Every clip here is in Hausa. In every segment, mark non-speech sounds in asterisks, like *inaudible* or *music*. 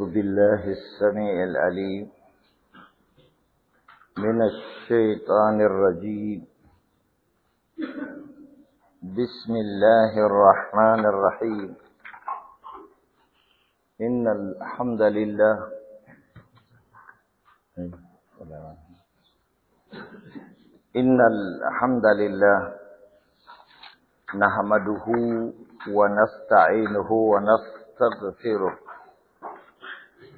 أعوذ بالله السميع العليم من الشيطان الرجيم بسم الله الرحمن الرحيم إن الحمد لله إن الحمد لله نحمده ونستعينه ونستغفره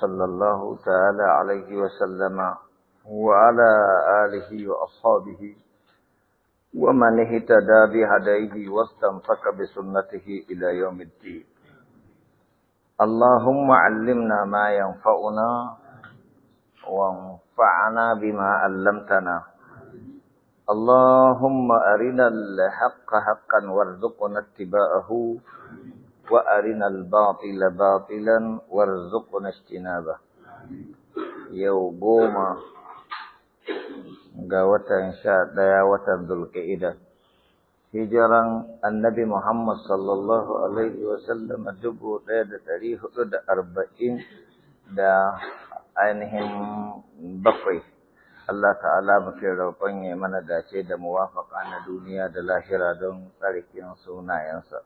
صلى الله تعالى عليه وسلم وعلى آله وأصحابه ومن اهتدى بهديه واستنفق بسنته إلى يوم الدين اللهم علمنا ما ينفعنا وانفعنا بما علمتنا اللهم أرنا الحق حقا وارزقنا اتباعه وأرنا الباطل باطلا وارزقنا اجتنابه yau goma ga watan sha ɗaya watan dulka'ida hijiran annabi Muhammad sallallahu Alaihi wasallama dubu ɗaya da dari hudu da arba'in da ainihin bakwai Allah ta'ala muke roƙon ya mana dace da muwafaƙa na duniya da lahira don tsarkin sunayensa.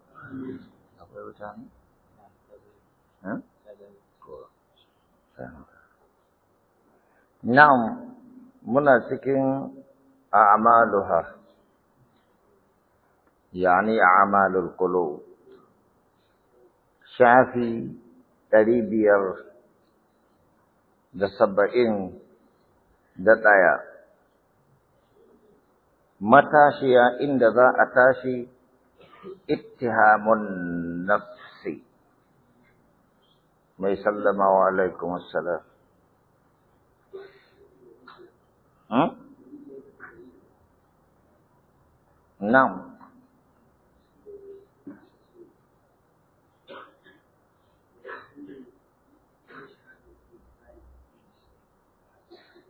nam muna cikin a'maluha yani a'malul shafi ɗari biyar da saba'in da ɗaya matashiya inda za a tashi ittihamun nafsi mai hmm?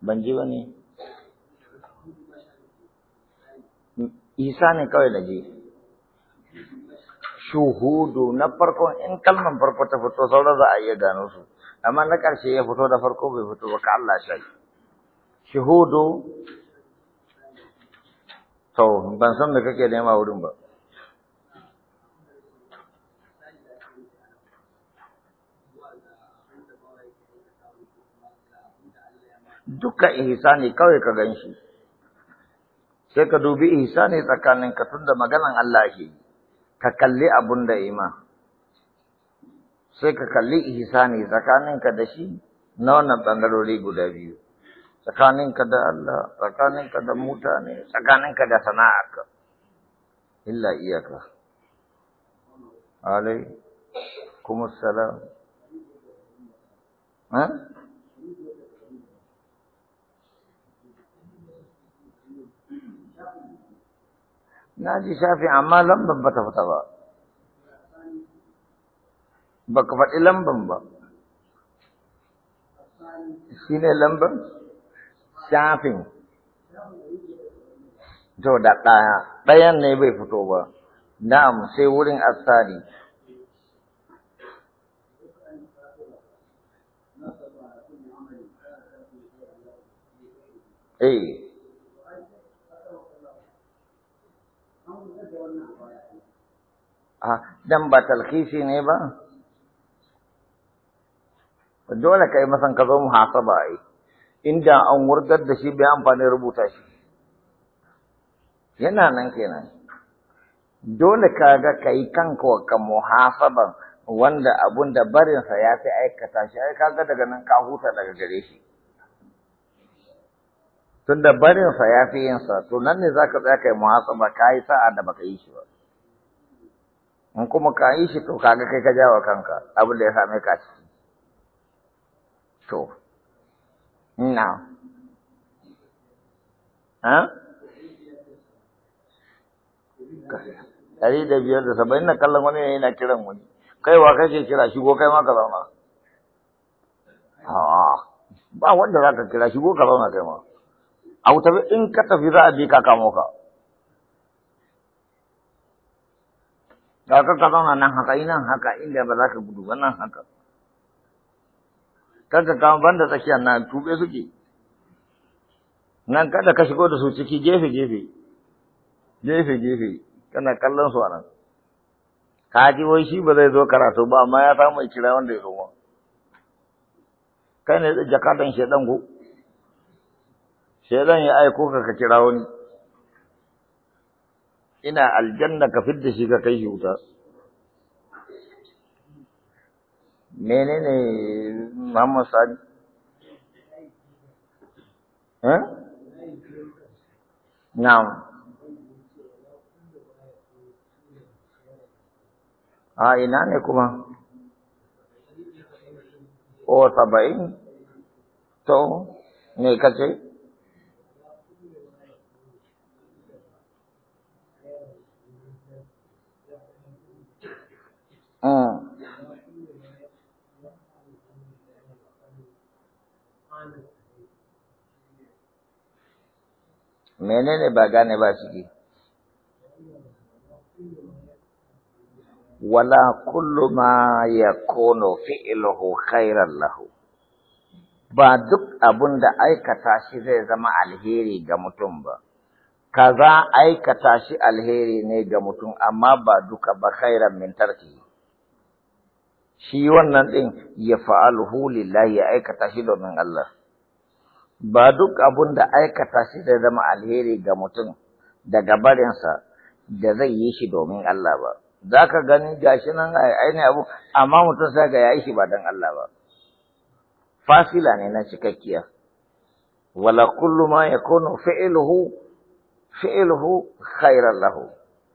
Ban ji ne? kawai shuhudu na farko in kalman farko ta fito sauran za a iya gano su amma na ƙarshe ya fito da farko bai fito ba ka Allah shi shuhudu to ban san da kake nema wurin ba duka ihsani kawai ka ganshi sai ka dubi ihsani tsakaninka da maganan Allah ake yi ka kalli abun da ima sai ka kalli ihsani tsakaninka da shi na wannan ɓangarori guda biyu tsakaninka da Allah tsakaninka da mutane tsakaninka da sana'arka illa iyaka alaikum assalam ha na ji shafi amma lamban ba ta fita ba ba ka faɗi lamban ba shi ne lamban shafin to da ɗaya ɗayan ne bai fito ba na'am sai wurin asali eh a ah, dan ba talkhisi ne ba dole kai masan ka zo muhasaba ai inda an wurgar da shi bai amfani rubuta shi yana nan kenan dole ka ga kai kanka ka muhasaban wanda abun da barinsa ya fi aikata shi ai kaga daga nan ka huta daga gare shi tunda barinsa ya fi yinsa to nan ne zaka tsaya kai muhasaba kai sa'a da baka yi shi ba in kuma ka yi shi to kaga kai ka jawa kanka abin da ya same ka ciki to ina ha ɗari da biyar da saba'in na kallon wani ne yana kiran wani kaiwa ke kira shigo kai ma ka zauna ba wanda za ka kira shigo ka zauna kai ma a wuta in ka tafi za a bi ka kamo ka da ka ka zauna nan haka ina haka inda ba za ka gudu ba nan haka kada ka banda tsakiya na, tube suke nan kada ka shigo da su ciki gefe gefe gefe gefe kana kallon su a nan ka ji wai shi ba zai zo karatu ba amma ya samu kira wanda ya zo kai ne jakadan shedan go shedan ya aiko ka ka kira wani ina aljanna ka fidda shi ka kai shi wuta menene Muhammad Sani eh na'am a ina ne kuma o saba'in to me kace menene ba gane ba ciki wala kullu ma yakunu fi'luhu khairan lahu ba duk abun da aikata shi zai zama alheri ga mutum ba kaza aikata shi alheri ne ga mutum amma ba duka ba khairan min tarki shi wannan din ya fa'aluhu lillahi ya aikata shi domin Allah. ba duk abun da aikata shi da zama alheri ga mutum daga barinsa da zai yi shi domin Allah ba. Za ka gani gashi nan ainihin abu, amma mutum sai ga ya yi shi ba don Allah ba. Fasila ne na cikakkiya. Wala kullu ma ya kono fi'ilhu fi'iluhu khairan lahu,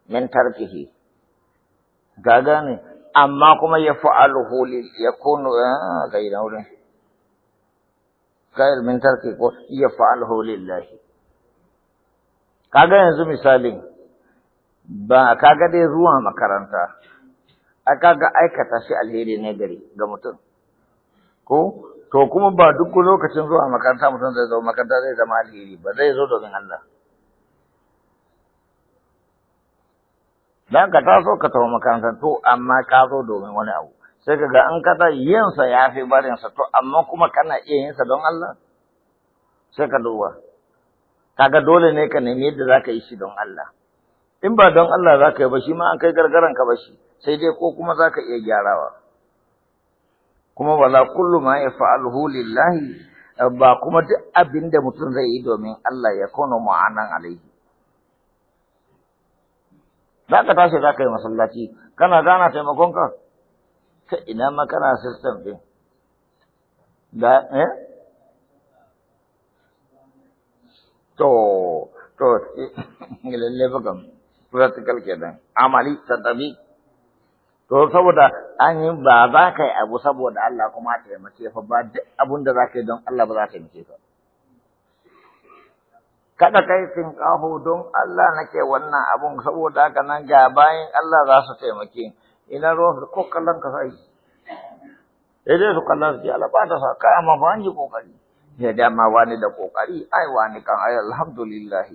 min tarkihi. Ga gane, amma kuma ya fa'aluhu ya kono, ah, kayar min tarki ko ya fa'alhu lillahi kaga yanzu misali ba kaga dai zuwa makaranta a kaga aikata shi alheri ne gari ga mutum ko to kuma ba duk lokacin zuwa makaranta mutum zai zo makaranta zai zama alheri ba zai zo domin Allah dan ka taso ka taho makaranta to amma ka zo domin wani abu sai kaga an kada yinsa ya fi barinsa to amma kuma kana iya yinsa don Allah sai ka duba kaga dole ne ka nemi yadda zaka yi shi don Allah in ba don Allah zaka yi ba shi ma an kai gargaran ka ba shi sai dai ko kuma zaka iya gyarawa kuma wala kullu ma yaf'aluhu lillahi ba kuma duk abin da mutum zai yi domin Allah ya kono ma'anan alaihi zaka tashi zaka yi masallaci kana gana taimakon ka ta ina ma kana system din da eh to to eh, *laughs* lalle ba kam practical kenan amali tadabi to saboda an yi ba za ka yi abu saboda Allah kuma ta mace fa ba duk abin da za ka yi don Allah ba za ta mace ka kada kai tinkaho don Allah nake wannan abun saboda haka nan ga bayan Allah za su taimake ina ruwan ko kallon ka sai sai dai su kallon su ce ba ta sa ka amma ba ni kokari da dama wani da kokari ai wani kan ai alhamdulillah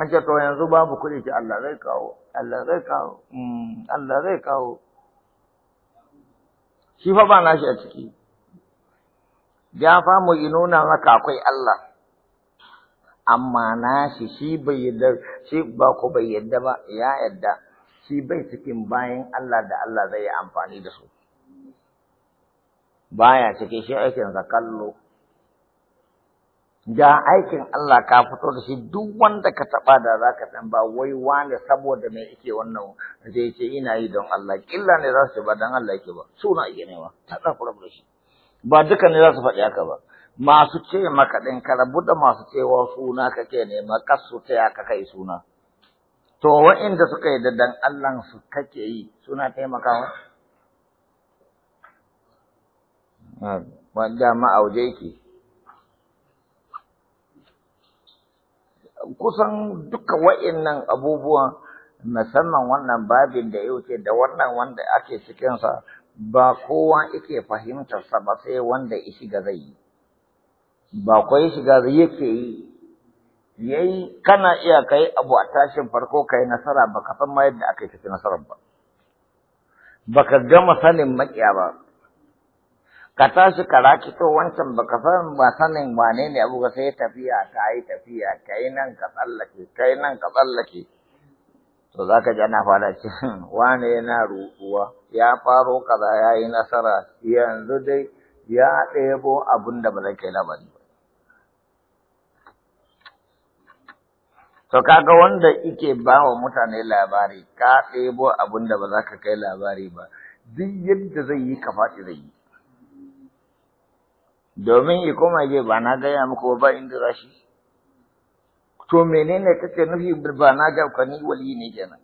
an ce to yanzu babu kuɗi ki Allah zai kawo Allah zai kawo mm, Allah zai kawo shi fa ba shi a ciki ya famu inuna maka akwai Allah amma na shi shi bai yadda shi ba ku bai yadda ba ya yadda shi bai cikin bayan Allah da Allah zai yi amfani da su baya cikin shi aikin zakallo da aikin Allah ka fito da shi duk wanda ka taba da zaka san ba wai wane saboda me yake wannan zai ce ina yi don Allah killa ne za su ba don Allah yake ba suna yake ne ba ta da da shi ba duka ne za su faɗi haka ba masu ce maka ɗin karabu da masu cewa suna kake nema kasu ta ya ka kai suna To wa'inda suka yi dan Allah su kake yi suna taimakawa? Wanda ma'auje ke. Kusan duka wa'innan abubuwan musamman wannan babin da ya wuce da wannan wanda ake cikinsa ba kowa yake fahimtarsa ba sai wanda ya shiga zai yi. Ba kwa shiga zai yake yi yayi kana iya kai abu a tashin farko kai nasara baka san ma yadda aka yi nasara ba baka gama sanin makiya ba ka tashi ka to wancan baka san ba sanin wane ne abu sai tafiya ka yi tafiya kai nan ka tsallake kai nan ka tsallake to zaka ji ana fara ce *laughs* wane yana ruɗuwa ya faro kaza ya yi nasara yanzu dai ya ɗebo abun da ba zai kai labari To kaga wanda ike ba wa mutane labari ka ɗebo abin da ba za ka kai labari ba duk yadda zai yi ka faɗi zai yi. Domin ya koma je ba na gaya muku ba inda za shi. To menene kake nufi ba na ga ka ni wali ne kenan.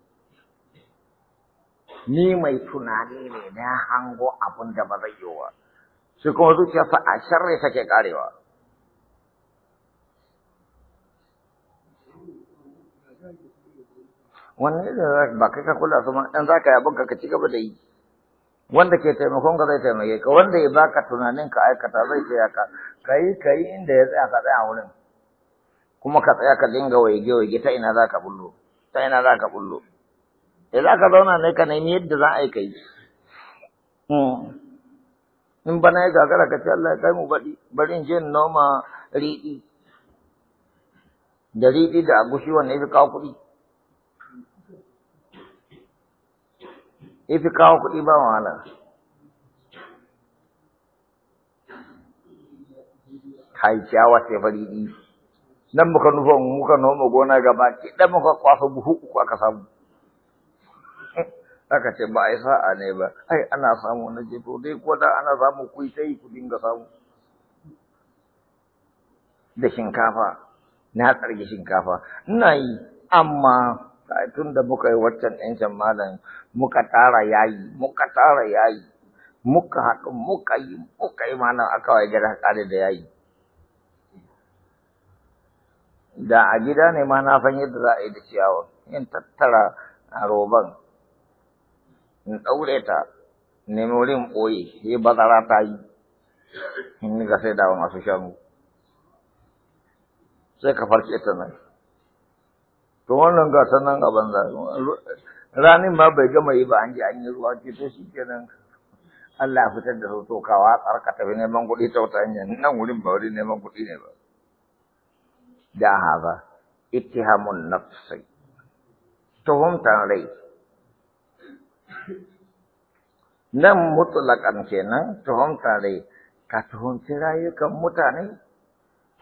Ni mai tunani ne na hango abin da ba zai yi wa. Shi kuma zuciyarsa a sharri take karewa. Wannan ne ba kai ka kula su ma dan zaka yi ka ci gaba da yi wanda ke taimakon ka zai taimake ka wanda ya baka tunanin ka aikata zai tsaya ka kai kai inda ya tsaya ka tsaya wurin kuma ka tsaya ka dinga waige waige ta ina zaka bullo ta ina zaka bullo da za ka zauna ne ka nemi yadda za a yi kai hmm. in bana ya gagara ka ce Allah ya kai mu baɗi bari in je in noma riɗi da riɗi da agushi wanne ya fi kawo kuɗi ya fi kawo kuɗi ba wahala Hai ciyawa sai fari ɗi nan muka nufa muka noma gona gaba ki dan muka kwafa buhu uku aka samu *laughs* aka ce ba a yi sa'a ne ba ai ana samu na je to dai ko da ana samu ku ta yi ku dinga samu da shinkafa na tsarki shinkafa ina yi amma tun da muka yi waccan ɗancin malam muka tara yayi muka tara yayi muka haɗu muka yi muka yi malam aka wa gida kare da yayi da a gida ne ma na san da za a yi da ciyawa in tattara a roban in ɗaure ta nemi wurin ɓoye sai bazara ta yi in ga sai da masu shanu sai ka farke ta nan to wannan ga nan a banza ranin ma bai gama yi ba an ji an yi ruwa ce to shi kenan Allah ya fitar da su kawa tsarka tafi neman kuɗi ta wata hanya nan wurin ba wurin neman kuɗi ne ba da haza ittihamun nafsi tuhumtan rai nan mutlaƙan kenan tuhumtan rai ka tuhumci rayukan mutane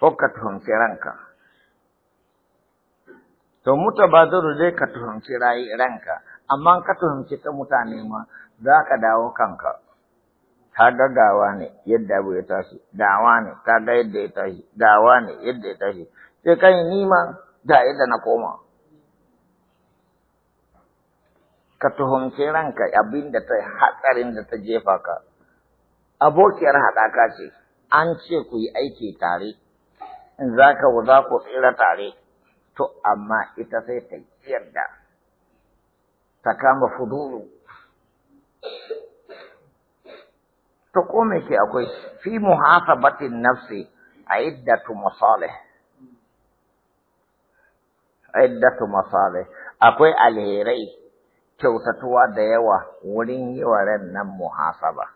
ko ka tuhumci ranka To ba zuru dai ka tuhumci ranka, amma ka tuhumci ta mutane ma za ka dawo kanka. Ka ga gawa ne yadda abu ya tashi, gawa ne ka ga yadda ya tashi, gawa ne yadda ya tashi. Sai yi nima da yadda na koma. ka tuhumci ranka abin da ta hatsarin da ta jefa ka. Abokiyar haɗaka ce, an ce ku yi aiki tare, in za ka za ku tsira tare. to amma ita sai ta yarda ta kama fudulu to ko me ke akwai fi muhasabatin nafsi عدة مصالح عدة masalih akwai alherai kyautatuwa da yawa wurin yi ran nan muhasaba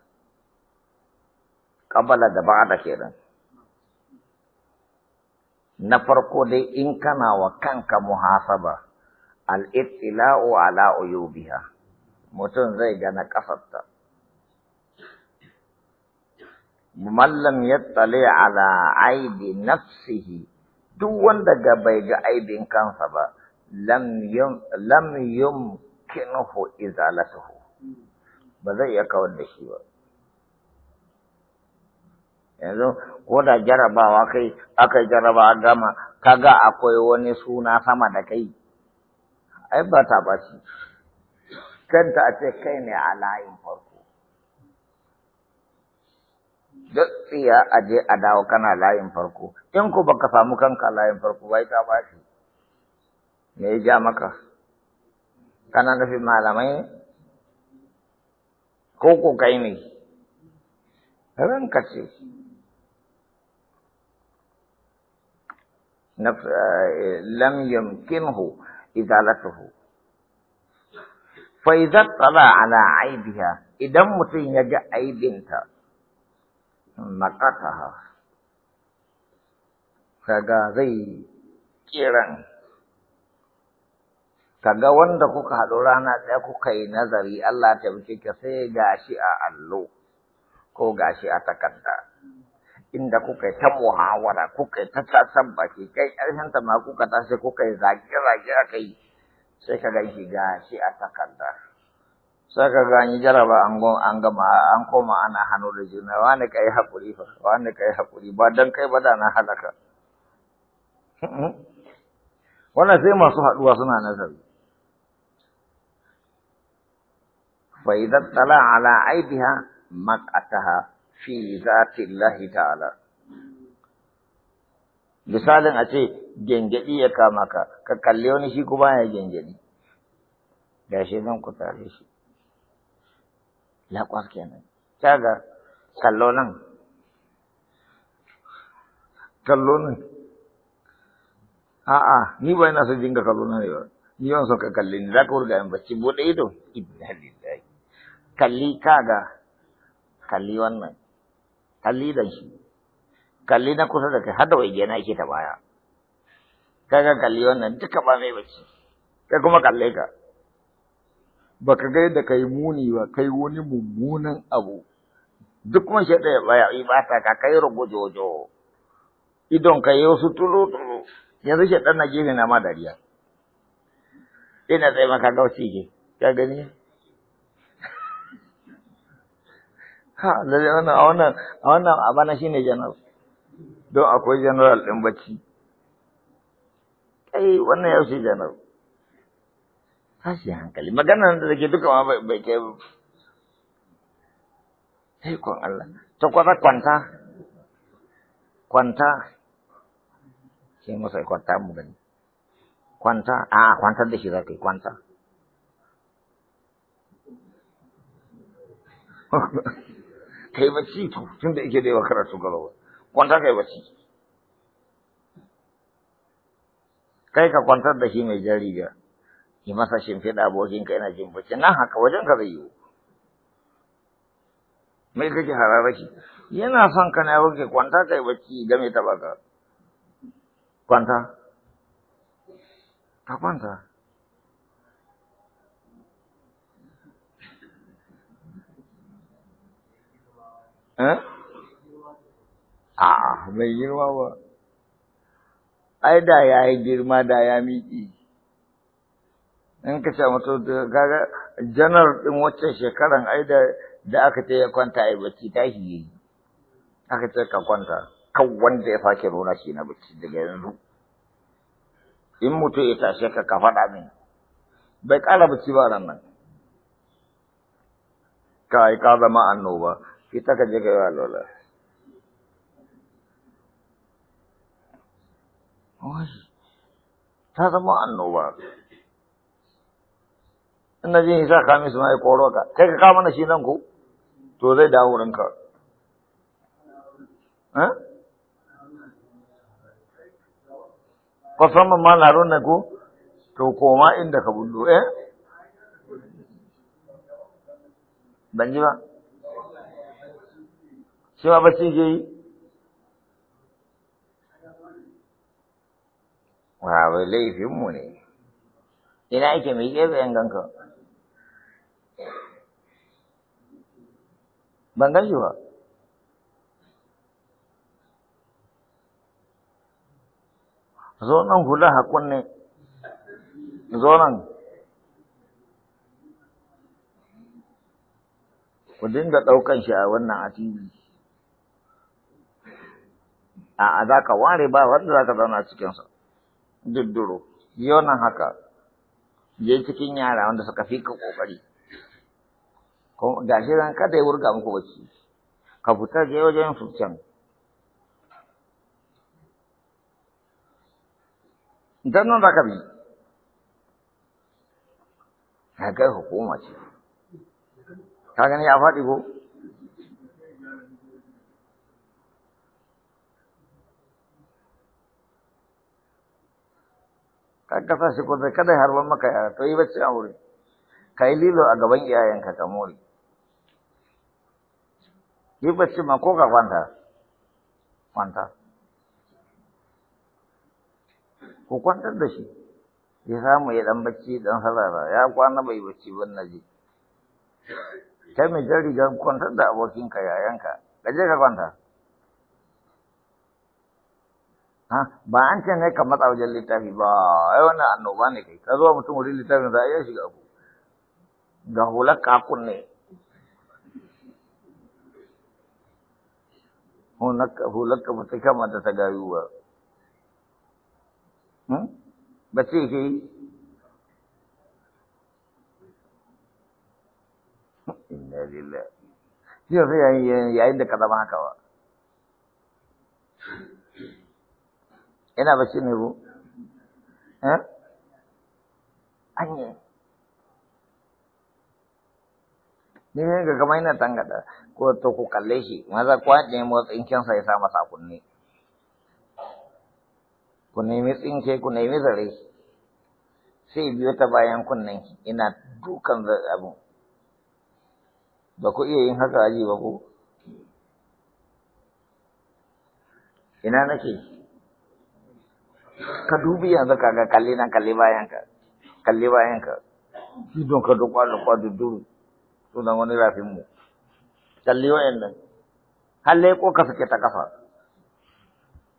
ƙabala da ba da kenan na farko dai in kana wa kanka muhasaba al-ittila'u ala uyubiha mutum zai ga na kasarta mallam yattali ala aibi nafsihi duk wanda ga bai ga aibin kansa ba lam yum lam ba zai iya kawar da shi ba yanzu ko da jarabawa kai aka jaraba gama kaga akwai wani suna sama da kai ai ba ta baci kanta a ce kai ne a layin farko duk tsiya a je a dawo kana layin farko in ku baka samu kanka layin farko bai ta baci me ya ja maka kana nufin malamai ko ko kai ne ranka ce لم يمكنه إزالته فإذا اطلع على عيبها aibiha idan mutum ya ga aibinta maqataha kaga kaga wanda kuka haɗu rana ɗaya kuka yi nazari Allah ta wuce ka sai gashi a allo ko gashi a takarda inda kuka yi ta muhawara kuka yi ta tasan baki kai ƙarshen ta ma kuka sai kuka yi zage-zage aka yi sai ka ga shi ga shi a takarda sai ka ga an yi jaraba an gama an koma ana hannu da juna wani ka yi haƙuri fa wani ka yi haƙuri ba don kai ba da na halaka *laughs* wannan sai masu haɗuwa suna nazari fa idan tala ala aibiha maqataha fi zatillahi ta'ala misalin a ce gengedi ya kama ka ka kalli wani shi kuma ya gengedi gashi zan ku tare shi laƙwas kenan kaga kallo nan kallo nan a'a ni ba ina so dinga kallo nan ba ni ban so ka kalli ni za ka wurga in bacci buɗe ido inna lillahi kalli kaga kalli wannan kalli da shi kalli na kusa da kai har da waige na yake ta baya kaga kalli wannan duka ba mai bacci kai kuma kalle ka baka ga da kai muni ba kai wani mummunan abu duk kuma shi da baya yi ba ta ka kai rugujojo idon ka yi wasu tulu tulu yanzu shi dan na gefe na ma dariya ina sai maka gauci ke ka gani ha wannan a wannan a wannan a bana shine general don akwai general din bacci kai wannan yau shi general tashi hankali maganar da take duka ma bai kai sai kon Allah to kwata kwanta kwanta sai kwanta mu gani kwanta a da shi za ka yi kwanta *laughs* kai bacci to tun da yake da yawa karatu gaba kwanta kai bacci kai ka kwantar da shi mai jariya ki masa shimfiɗa abokinka yana jin bacci nan haka wajen ka zai yiwu mai kake hararraki? yana son ka na yawon kwanta kai bacci game ta ka kwanta ka kwanta A'a, bai girma ba. Ai, da ya yi girma da ya miƙi. In ka ce mutum gaga janar ɗin waccan shekaran ai da da aka ce ya kwanta ai bacci shi yi. Aka ce ka kwanta, kan wanda ya fake rona shi na bacci daga yanzu. In mutum ya tashe ka ka faɗa min. Bai ƙara bacci ba ran nan. Ka yi ka zama annoba. Kita ka je ka yi alola ta zama annoba ina jin isa kame su mai koro ka kai ka kama na shi nan ko to zai dawo wurinka kwasan mana laron na ko to koma inda ka bullo eh ban ji shi ma bacci ke yi wa bai laifinmu ne ina yake mai ƙefe yan ganka ban gan shi ba zo nan hula hakun ne zo nan ku dinga ɗaukan shi a wannan a a'a za ka ware ba wanda za ka zauna cikinsa dudduro yau nan haka je cikin yara wanda suka fi ka ƙoƙari ga shi ran kada ya wurga muku bacci ka fita je wajen su can dan nan za ka bi kai hukuma ce ka gani ya faɗi ko ka kasa shi kudai kada harban maka yara to yi bacci a wuri, ka yi lilo a gaban iyayenka ka more yi bacci ma ko ka kwanta kwanta Ku kwantar da shi ya samu ya dan bacci dan sarara ya kwana bai bacci ban naji kai mai jan rigar kwantar da abokinka yayanka ka je ka kwanta ha ba an ce ne ka matsa wajen littafi ba ai wannan annoba ne kai ka zuwa mutum wurin littafin za a iya shiga ku ga hular kakun ne hular ka mutu kama da ta gayu ba hmm? ba ce ke yi inna lillahi yau sai yayin da ka zama haka ba yana bacci ne ko eh? anye ni ne ga kamar yana tangada ko to ku kalle shi maza kwaɗe motsin kinsa ya sa masa kunne ku nemi tsinke ku nemi zare sai biyo ta bayan kunnen ina dukan abin ba ku iya yin haka aji ba ku ina nake ka dubi yanzu ka ga kalli nan kalli bayan ka kalli bayan ka idon ka duk kwallo kwa duduru sunan wani rafin mu kalli nan halle ko ka fike ta kafa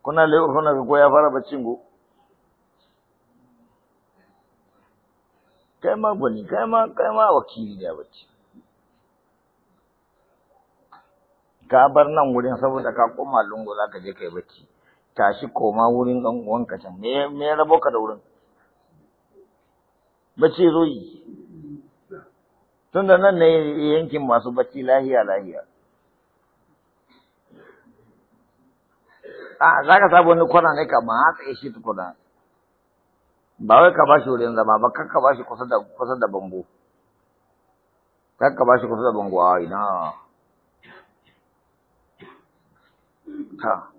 kuna leko kuna ga goya fara baccin go kai ma gwani kai ma kai ma wakili ne bacci ka bar nan wurin saboda ka koma lungo za ka je kai bacci tashi koma wurin ɗan uwanka can me me rabo ka da wurin bacci zo yi tunda nan ne yankin masu bacci lahiya lahiya a ah, za ka sabu wani kwana ne ka matsa shi tukuna ba wai ka bashi wurin zama ba kan ka bashi kusa da kusa da bango kan ka bashi kusa da bango a ina ta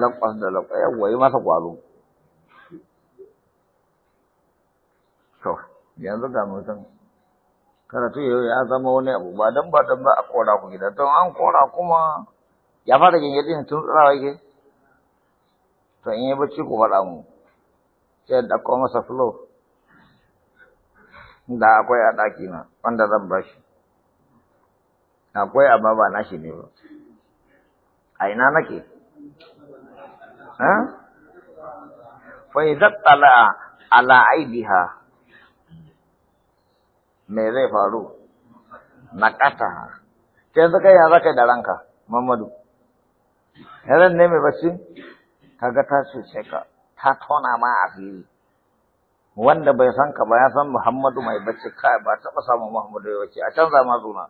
lakwas da lakwas yawwa yi masa ƙwazo to yanzu ga mutum karatu yau ya zama wani abu ba dan ba ba a kora ku gida don an kora kuma ya fara gingiri tun tsirawa wake to in yi bacci ku faɗa mu sai da ɗauko masa flow da akwai a ɗaki na wanda zan ba shi akwai amma ba nashi ne ba a ina nake fa idza tala ala aidiha me zai faru nakata yanzu kai ya zaka da ranka Muhammadu yaran ne mai bacci kaga ta sai ka ta tona ma a fili wanda bai san ka ba ya san Muhammadu mai bacci kai ba taɓa samun Muhammadu ya bacci a canza ma zuna.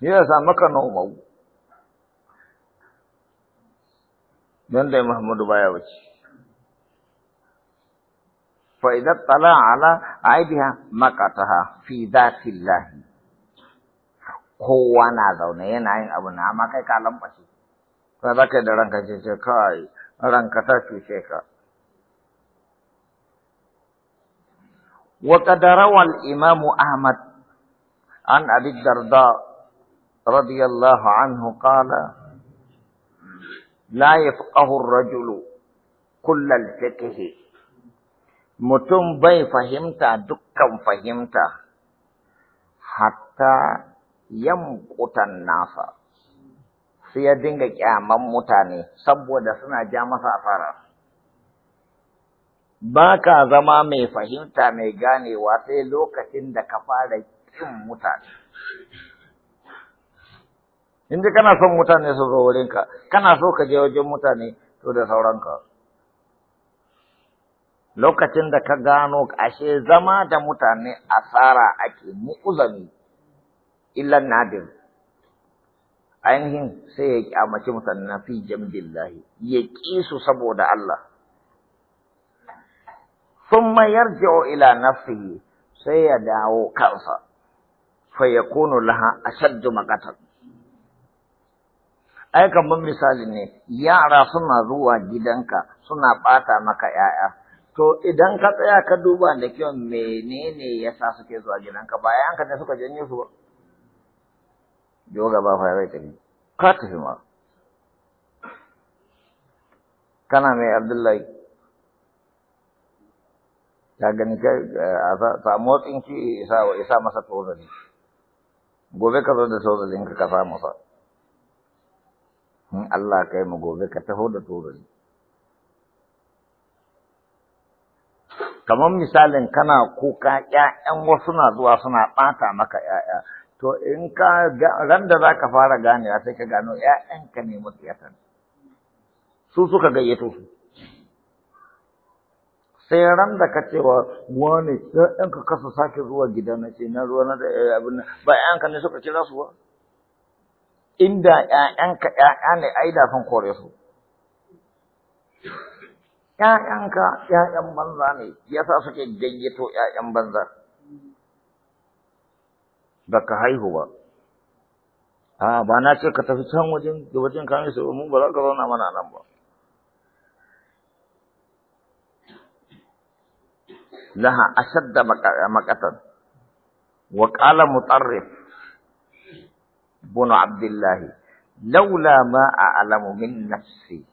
Ni da sa maka na من ده محمود بايا وجه فإذا طلع على عيدها مقتها في ذات الله هو أنا ذاون أي ناي أبو نعمة كي كلام بسي فذا كده رانك جيجي كاي رانك تاسو شيكا وقد روى الإمام أحمد عن أبي الدرداء رضي الله عنه قال la yafqahu ar-rajulu kullal fiqh mutum bai fahimta dukkan fahimta hatta 'yan yamqutan nasa su ya dinga kyaman mutane saboda suna ja masa asara ba ka zama mai fahimta mai ganewa sai lokacin da ka fara ƙin mutane in ji kana son mutane su zo wurinka kana so ka je wajen mutane to da sauranka lokacin da ka gano ashe zama da mutane asara ake mu'uzami illa nadir ainihin sai ya kyamaci mutane na fi jambillahi ya ƙi su saboda Allah Sun mayar ثم sai ya dawo kansa كأسا فيكون laha أشد مقتا ai kamar misali ne yara suna zuwa gidanka suna bata maka yaya to idan ka tsaya ka duba da kyau menene yasa suke zuwa gidanka ba yanka ne suka janye su ba yoga ba fa rai tafi ka tafi ma kana mai abdullahi ta gani kai eh, a samu tsinki isa masa tozali gobe ka zo da tozalin ka sa masa in Allah kai mu gobe ka taho da turun kamar misalin kana kuka ƴaƴan wasu na zuwa suna ɓata maka ƴaƴa to in ka ran da za ka fara gane sai ka gano ƴaƴanka ne yatan su suka gayyato su sai ran da ka cewa wani ka kasa sake zuwa gida na ce na ruwa na da eh, abin ba ƴaƴanka ne suka kira su ba inda ‘ya'yanka ‘ya'ya ne ai da sun kore su. ‘Ya'yanka ‘ya'yan banza ne, yasa suke gayyato ‘ya'yan banza. ka haihu ba. A ba na ce ka tafi can wajen da wajen kame su mun ba ka zauna mana nan ba. Laha ashadda makatan wa qala mutarrif Bunu عبد laula ma a'lamu min nafsi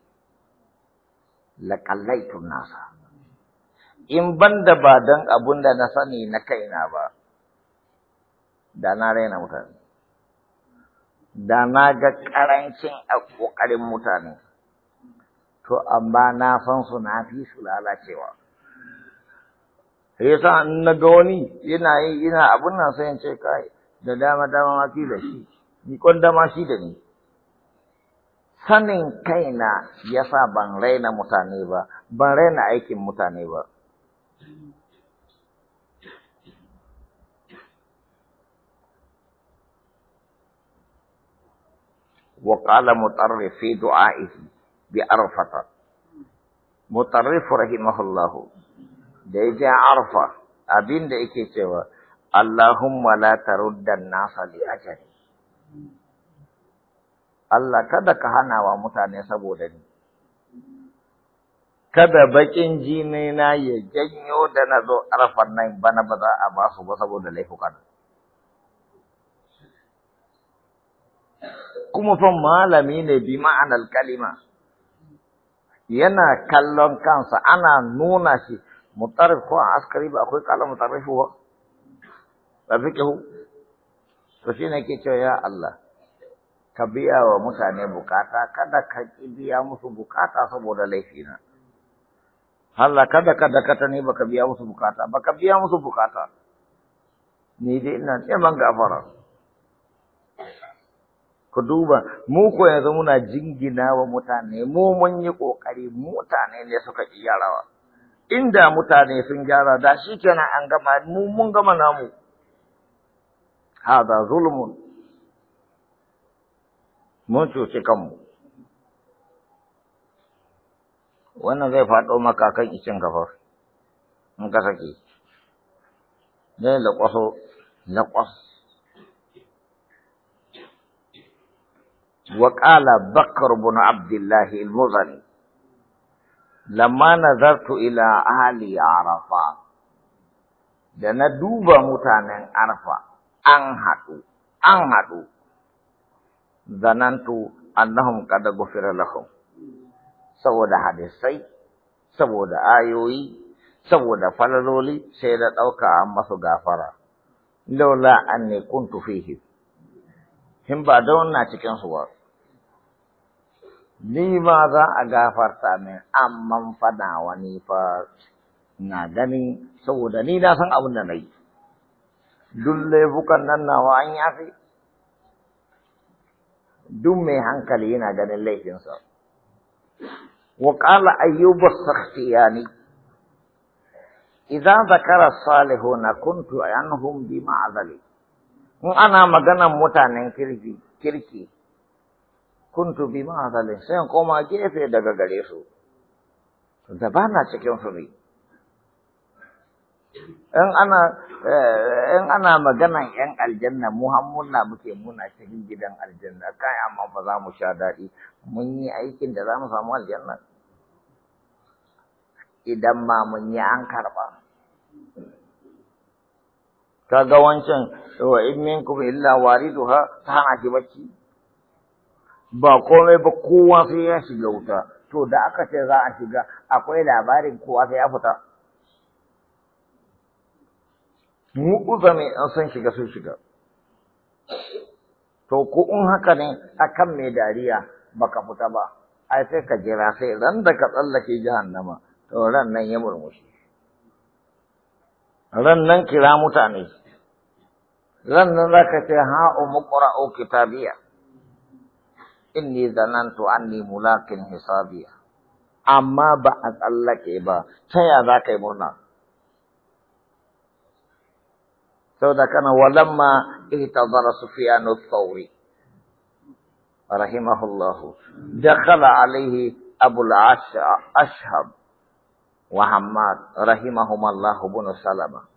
laqallaitu nasa in ban da ba don abun da na sani na kaina ba, da na raina mutane, da na ga ƙarancin a ƙoƙarin mutane, to amma na san su na fi su lalacewa. Yasa in na ga wani yana yi yana abun nan sai in ce kai da dama dama ma da shi. ni kwandama shi da ni sanin kaina ya sa ban raina mutane ba, ban raina aikin mutane ba. qala mutarrif fi du'a'ihi bi arfata mutarrif الله da ya arfa abin da yake cewa Allahumma la taruddan nasa li ajali Allah kada ka hana wa mutane saboda ni. Kada baƙin jini na ya janyo da na zo arfan nan bana ba za a ba su ba saboda laifukan. Kuma fa malami ne bi ma'anar kalima. Yana kallon kansa ana nuna shi mutarif ko askari ba akwai kalan mutarif ba. Ba to shi ne ke cewa ya Allah ka biya wa mutane bukata kada ka ki biya musu bukata saboda laifina Allah kada ka dakata ne baka biya musu bukata baka biya musu bukata ni dai ina neman gafara ku duba mu ko yanzu muna jingina wa mutane mu mun yi kokari mutane ne suka ƙi yarawa. inda mutane sun gyara da shi kenan an gama mu mun gama namu hada zulmun mun cuci kanmu wannan zai faɗo maka kan icen gafar in ka sake zai laƙwaso laƙwas وقال بكر بن عبد الله المزني لما نظرت إلى أهل عرفات da na duba mutanen arfa an haɗu an haɗu zanantu annahum kada gufira lahum saboda hadisai saboda ayoyi saboda falaloli sai da ɗauka an masu gafara laula anni kuntu fihi him ba da wannan cikin su ba ni ma za a gafarta min amman fada wani fa na gani saboda ni na san abin da na yi duk laifukan nan nawa an yafe duk mai hankali yana ganin laifinsa wa qala ayyuba sakhtiyani idan zakara na kuntu anhum bi ma'azali in ana maganan mutanen kirki kirki kuntu bi ma'azali sai koma gefe daga gare su da bana cikin su ne in ana eh, in ana maganan yan aljanna mu hammuna muke muna cikin gidan aljanna kai amma ba za mu sha daɗi mun yi aikin da za mu samu aljanna idan ma mun yi an karɓa ga wancan wa in minkum illa wariduha ta hana ki bacci ba komai ba kowa sai ya shiga wuta to da aka ce za a shiga akwai labarin kowa sai ya fita mu uzami an san shiga sun shiga to ko in haka ne akan mai dariya baka fita ba ai sai ka jira sai ran da ka tsallake jahannama to ran nan ya murmushi ran nan kira mutane ran nan zaka ce hao muqra'u kitabiya inni zanantu anni mulakin hisabiya amma ba a tsallake ba ta ya za ka yi murna saboda kana walamma ihtadara sufyan ath-thawri rahimahullah dakhala alayhi abu al-ashhab wa hammad rahimahumallah ibn salama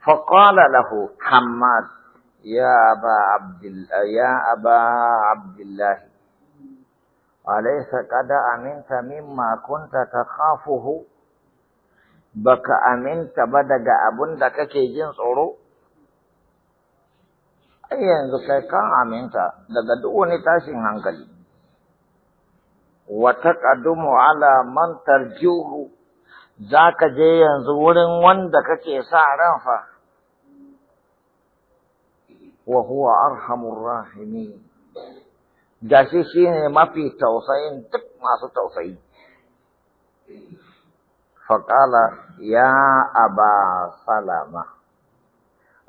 faqala lahu hammad ya aba abdillah ya aba abdillah alaysa qad aminta mimma kunta takhafuhu baka aminta ba daga abun da kake jin tsoro ai yanzu kai ka aminta daga duk wani tashin hankali wa taqaddumu ala man tarjuhu zaka je yanzu wurin wanda kake sa ran fa wa huwa arhamur rahimin gashi shine mafi tausayin duk masu tausayi Faƙala ya aba salama.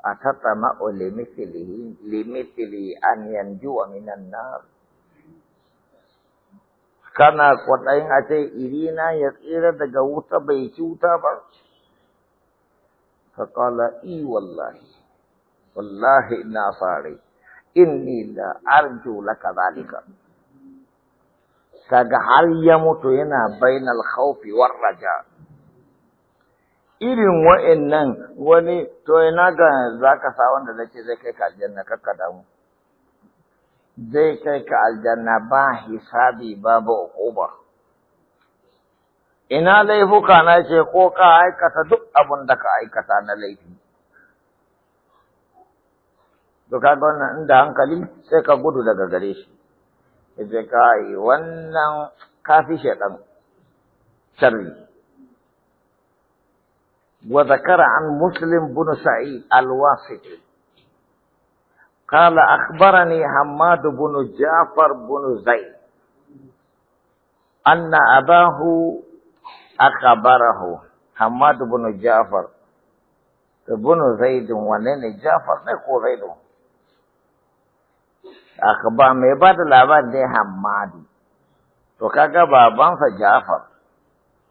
أتطمع لمثله لمثل أن ينجو من النار kana kwaɗayin a ce irina ya tsira daga wuta bai ci wuta ba faƙala i wallahi wallahi ina fare inni la arju laka zalika kaga har ya mutu yana bainal khawfi war raja irin wa'annan wani to ina ga za ka sa wanda zai zai kai ka aljanna kakka mu? zai kai ka aljanna ba hisabi babu uquba ina laifuka na ce ko ka aikata duk abin da ka aikata na laifi to kaga wannan inda hankali sai ka gudu daga gare shi ka yi wannan kafi shedan sharri wa zakara an muslim bin alwasi. al-wasiti qala akhbarani hamad bin ja'far bin zaid anna abahu akhbarahu hamad bin ja'far to bin zaid ja'far ne ko zaid akhbar me bad labar de to kaga baban ja'far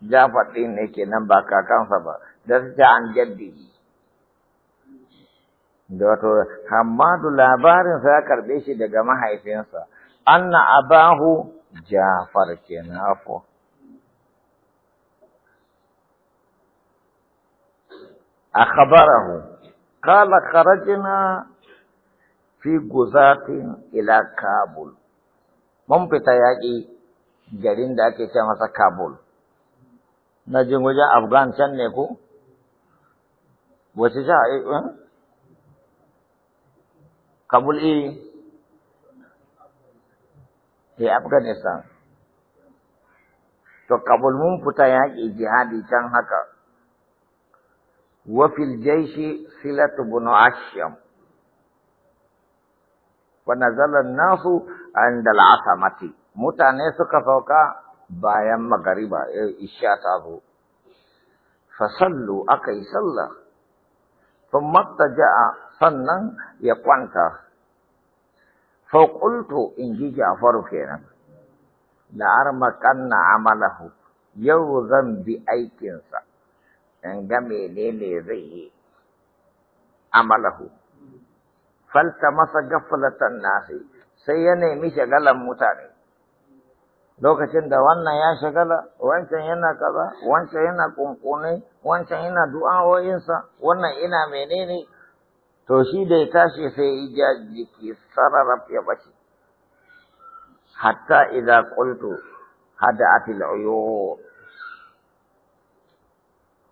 ja'far ɗin ne ke nan ba kakan ba darja an jaddihi da wato Hammadu labarin sa ya karbe shi daga mahaifinsa anna abahu Jafar kenan afwa akhbarahu Kala خرجنا fi guzatin ila Kabul. mun fita yaƙi garin da ake ce masa Kabul. Na jin wajen Afghan can ne ko? wace jiha eh, eh kabul eh eh afghanistan to kabul mun fita yaƙi jihadi can haka wafil jaishi silatu bunu ashyam wa nazalar nasu an mati. mutane suka sauka bayan magariba eh, isha ta zo fasallu aka yi sallah ثم اتجع sannan ya kwanta faƙultu in ji jafaru kenan da armaƙanna amalahu yau zan bi aikinsa in ga menene zai yi amalahu falta masa gafalatan nasi sai ya nemi shagalan mutane lokacin da wannan ya shagala wancan yana kaza wancan yana kunkune wancan yana du'awoyinsa wannan ina menene to shi da ya tashi sai ya ja jiki sararraf ya bashi hatta idza qultu hada atil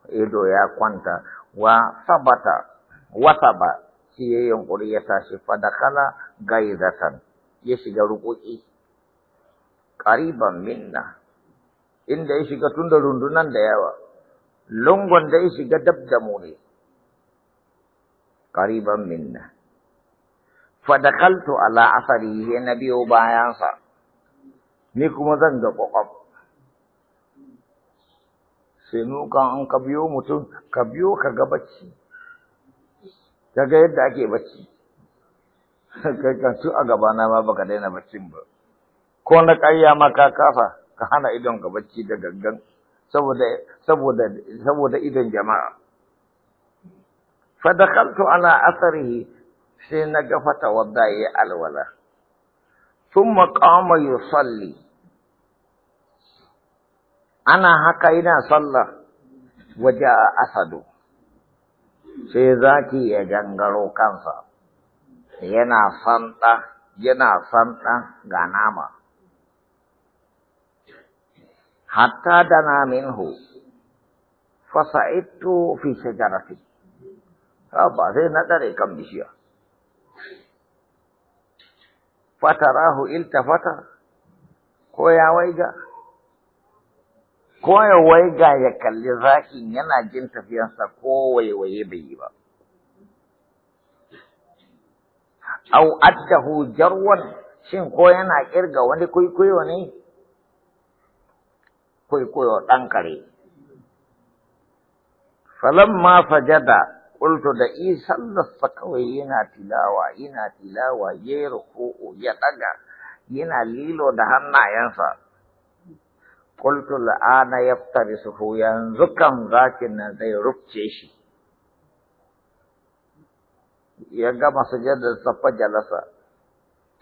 ido ya kwanta wa sabata wa saba shi yayin ya tashi fa kala gaizatan ya shiga rukuki ƙariban minna inda ya shiga tun da rundunan da yawa lungon da ya shiga dab da ne ƙariban minna fadakaltu ala asari na biyo bayansa ni kuma zan ga ƙwaƙwaf sai nuka an ka biyo mutum ka biyo ka ga bacci daga yadda ake bacci *laughs* kai kan su a gabana ma baka daina baccin ba ko na ƙarya ma ka kafa ka hana idon ka bacci da gangan saboda saboda saboda idon jama'a fa dakhaltu ala atharihi sai na ga fata wadda ya alwala thumma qama yusalli ana haka ina sallah waje asadu sai zaki ya gangaro kansa yana santa yana santa ga nama hatta dana minhu fasa'idtu fi shajarati ba sai na tsare kan bishiya fatarahu iltafata ko ya waiga ko ya waiga ya kalli zakin yana jin sa ko waye bai yi ba au jarwan shin ko yana kirga wani kwaikwayo ne kwaikwayo ɗan kare. Falamma fajada qultu da lassa kawai yana tilawa yana tilawa ya yi ya ɗaga yana lilo da hannayensa qultu la'ana yaftarisuhu yanzu kan zakin nan zai rubce shi ya gama sujadar safa jalasa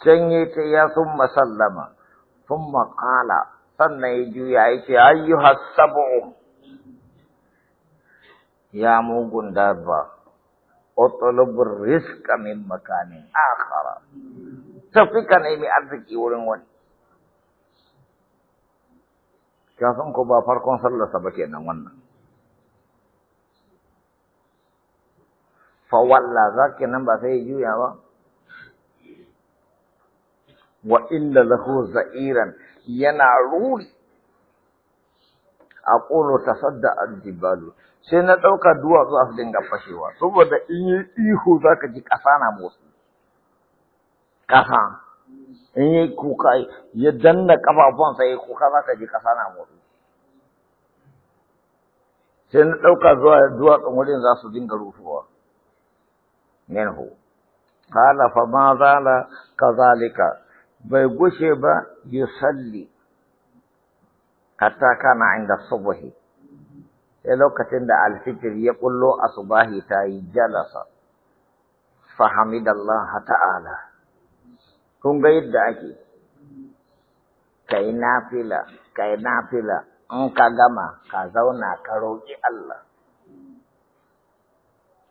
can yi ta ya sun masallama sun maƙala sannan ya juya ya ce ayyuhas sab'u ya mugun dabba utlubur rizqa min makanin akhara tafi ka nemi arziki wurin wani kafin ko ba farkon sallarsa ba nan wannan fa walla zaki nan ba sai juya ba wa illa lahu za'iran yana ruri a ƙolo ta sadda aljibalu sai na ɗauka duwatsu a su dinga fashewa saboda in yi ihu za ka ji ƙasa na motsi ƙasa in yi kuka ya danna sai ya kuka za ka ji ƙasa na motsi sai na ɗauka zuwa duwatsun wurin za su dinga rufuwa minhu qala fa ma zala bai gushe ba yusalli hatta kana inda subuhi sai lokacin da alfitir ya kullo a asubahi ta yi jalasa fahamidallah ta'ala kun ga yadda ake yi nafila yi nafila in ka gama ka zauna ka roƙi Allah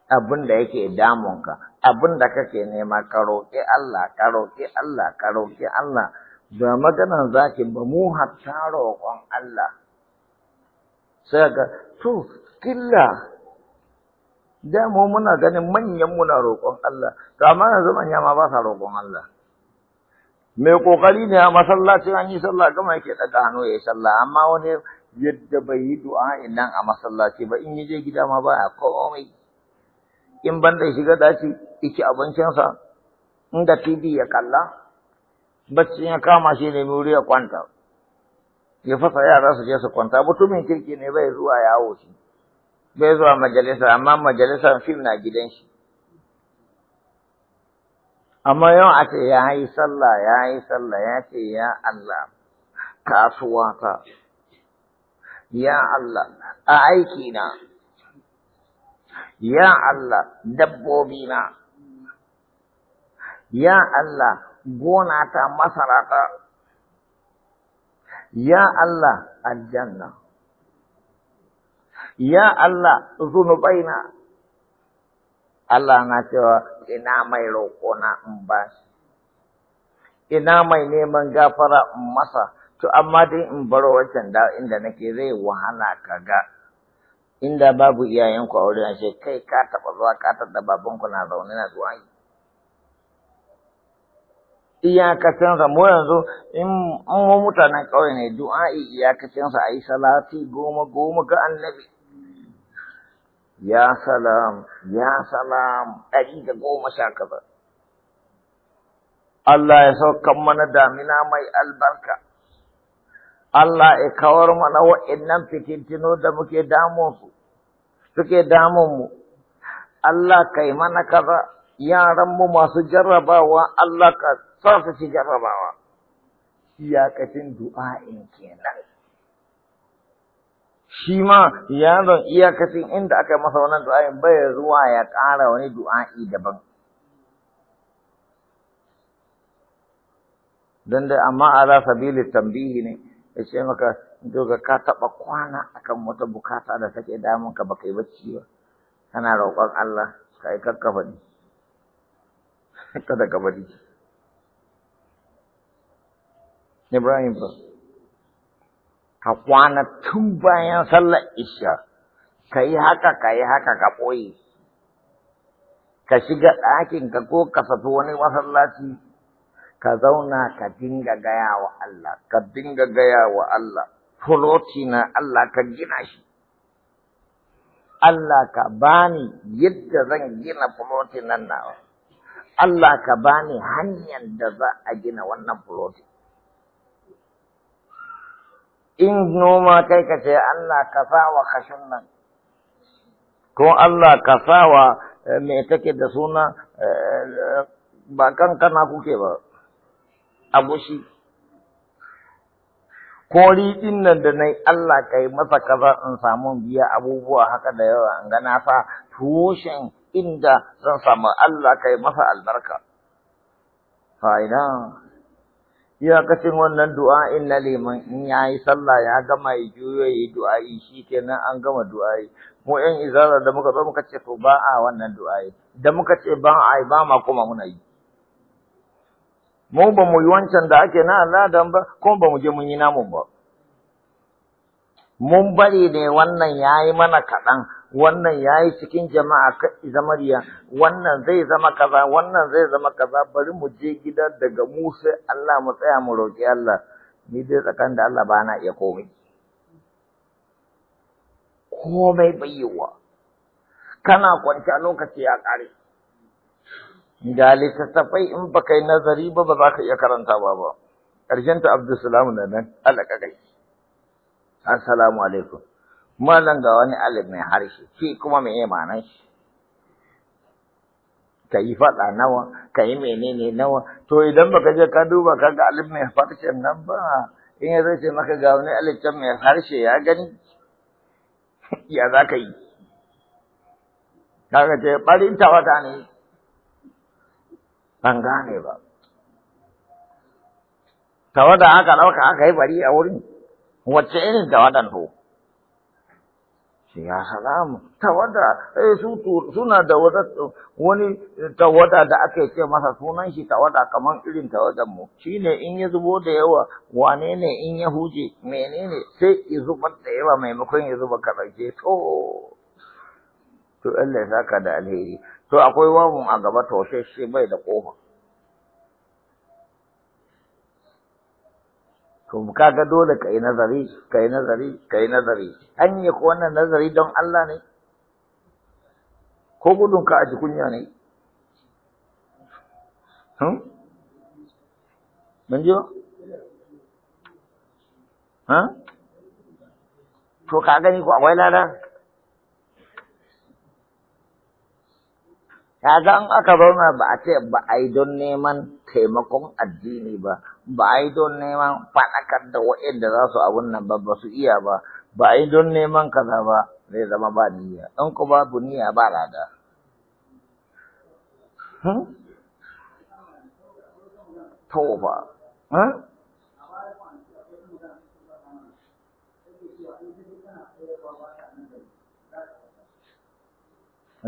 abin da yake damunka, abin da kake nema ka roƙi Allah, ka roƙi Allah, ka roƙi Allah, ba maganan zaki ba mu hatta roƙon Allah. Sai ga, to, killa, da mu muna ganin manyan muna roƙon Allah, to amma yanzu manya ma ba sa roƙon Allah. Mai ƙoƙari ne a masallacin an yi sallah gama yake daga hannu ya yi sallah, amma wani yadda bai yi du'a nan a masallaci ba in yi je gida ma ba komai. in banda shiga daci iki abincinsa inda TV ya kalla bacci ya kama shi ne wuri ya kwanta ya fasa yara su je su kwanta mutumin kirki ne bai zuwa yawo shi bai zuwa majalisa amma majalisar fim na gidan shi amma yau a ce ya yi sallah ya yi sallah ya ce ya Allah kasuwa ta ya Allah a aiki na ya Allah dabbobi na ya Allah gona ta masarata ya Allah aljanna ya Allah zunubaina Allah na cewa ina mai roƙona in ba ina mai neman gafara in masa to amma dai in baro wancan da inda nake zai wahala ga. inda babu iyayenku a wurin ashe kai ka taɓa zuwa katar da babanku na zaune na zuwa yi iyakacinsa mu yanzu in mu mutanen ƙauye ne du'a'i iyakacinsa a yi salati goma goma ga annabi ya salam ya salam ɗari da goma sha kaza Allah ya sauka mana damina mai albarka Allah ya kawar mana wa'annan fitintino da muke su, suke mu. Allah kai mana kaza mu masu jarrabawa Allah ka sa su ci jarrabawa. Iyakacin du'a'in kenan. Shi ma yaron iyakacin inda aka masa wannan du'a'in bai zuwa ya ƙara wani du'a'i daban. Don da amma ala sabili tambihi ne. ya ce maka doga ka taɓa kwana akan wata bukata da take damun ka ba kai bacci ba kana roƙon Allah ka yi kakkafa ne kada ka bari Ibrahim ba ka kwana tun bayan sallar isha ka yi haka ka yi haka ka ɓoye ka shiga ɗakin ka ko ka tafi wani masallaci ka zauna ka dinga gaya wa Allah, ka dinga gaya wa Allah, furoti na Allah ka gina shi. Allah ka bani yadda zan gina furoti nan nawa. Allah ka bani hanyar da za a gina wannan furoti. In noma kai ka ce Allah ka sa wa kashin nan, ko Allah ka sa wa eh, mai take da suna eh, ba kankana kuke ba. agushi kori din nan da nai Allah kai masa kaza in samu biya abubuwa haka da yawa an ga na fa tushen inda zan samu Allah kai masa albarka fa'ina iyakacin wannan du'a na liman in ya yi sallah ya gama ya juyo ya yi du'a'i shi kenan an gama du'a'i mu yan izara da muka zo muka ce to ba a wannan du'a'i da muka ce ba a ba ma kuma muna yi mu ba mu yi wancan da ake na al'adan ba kuma ba mu je mun yi namun ba mun bari ne wannan yayi mana kaɗan wannan yayi cikin jama'a zama zamariya, wannan zai zama kaza wannan zai zama kaza bari mu je gida daga mu sai Allah mu tsaya mu roki Allah ni dai tsakan da Allah ba na iya komai komai bayyawa kana kwance a lokaci ya ƙare ga littattafai in ba kai nazari ba ba za ka iya karanta ba ƙarshenta abdulsalamu na nan alaƙaƙai assalamu alaikum malam ga wani alif mai harshe shi kuma mai yi ma'anar shi ka yi faɗa nawa ka yi menene nawa to idan baka je ka duba ka ga alif mai harshe nan ba in ya zai ce maka ga wani alif can mai harshe ya gani *laughs* ya za ka yi kaga ce ɓarin tawata ne ban gane ba tawada aka ɗauka aka yi bari a wurin wacce irin da waɗanda ya salamu tawada eh, suna da wani tawada da ake ce masa sunan shi tawada kamar irin tawadan mu shine in ya zubo da yawa wane ne in ya huje menene sai ya zuba da yawa maimakon ya zuba kaɗan to to Allah ya saka da alheri to akwai wamu a gaba to sai shi bai da kofa to kaga dole kai nazari kai nazari kai nazari an yi ko wannan nazari don Allah ne ko gudun ka a kunya ne hmm mun ji ha hmm? to ka gani ko akwai lada kaga an aka zauna ba a ce ba a yi don neman taimakon addini ba ba a yi don neman faɗakar da waɗanda za su abun nan ba ba su iya ba ba a yi don neman kaza ba zai zama ba niyya in ku babu niyya ba lada hmm? tofa hmm?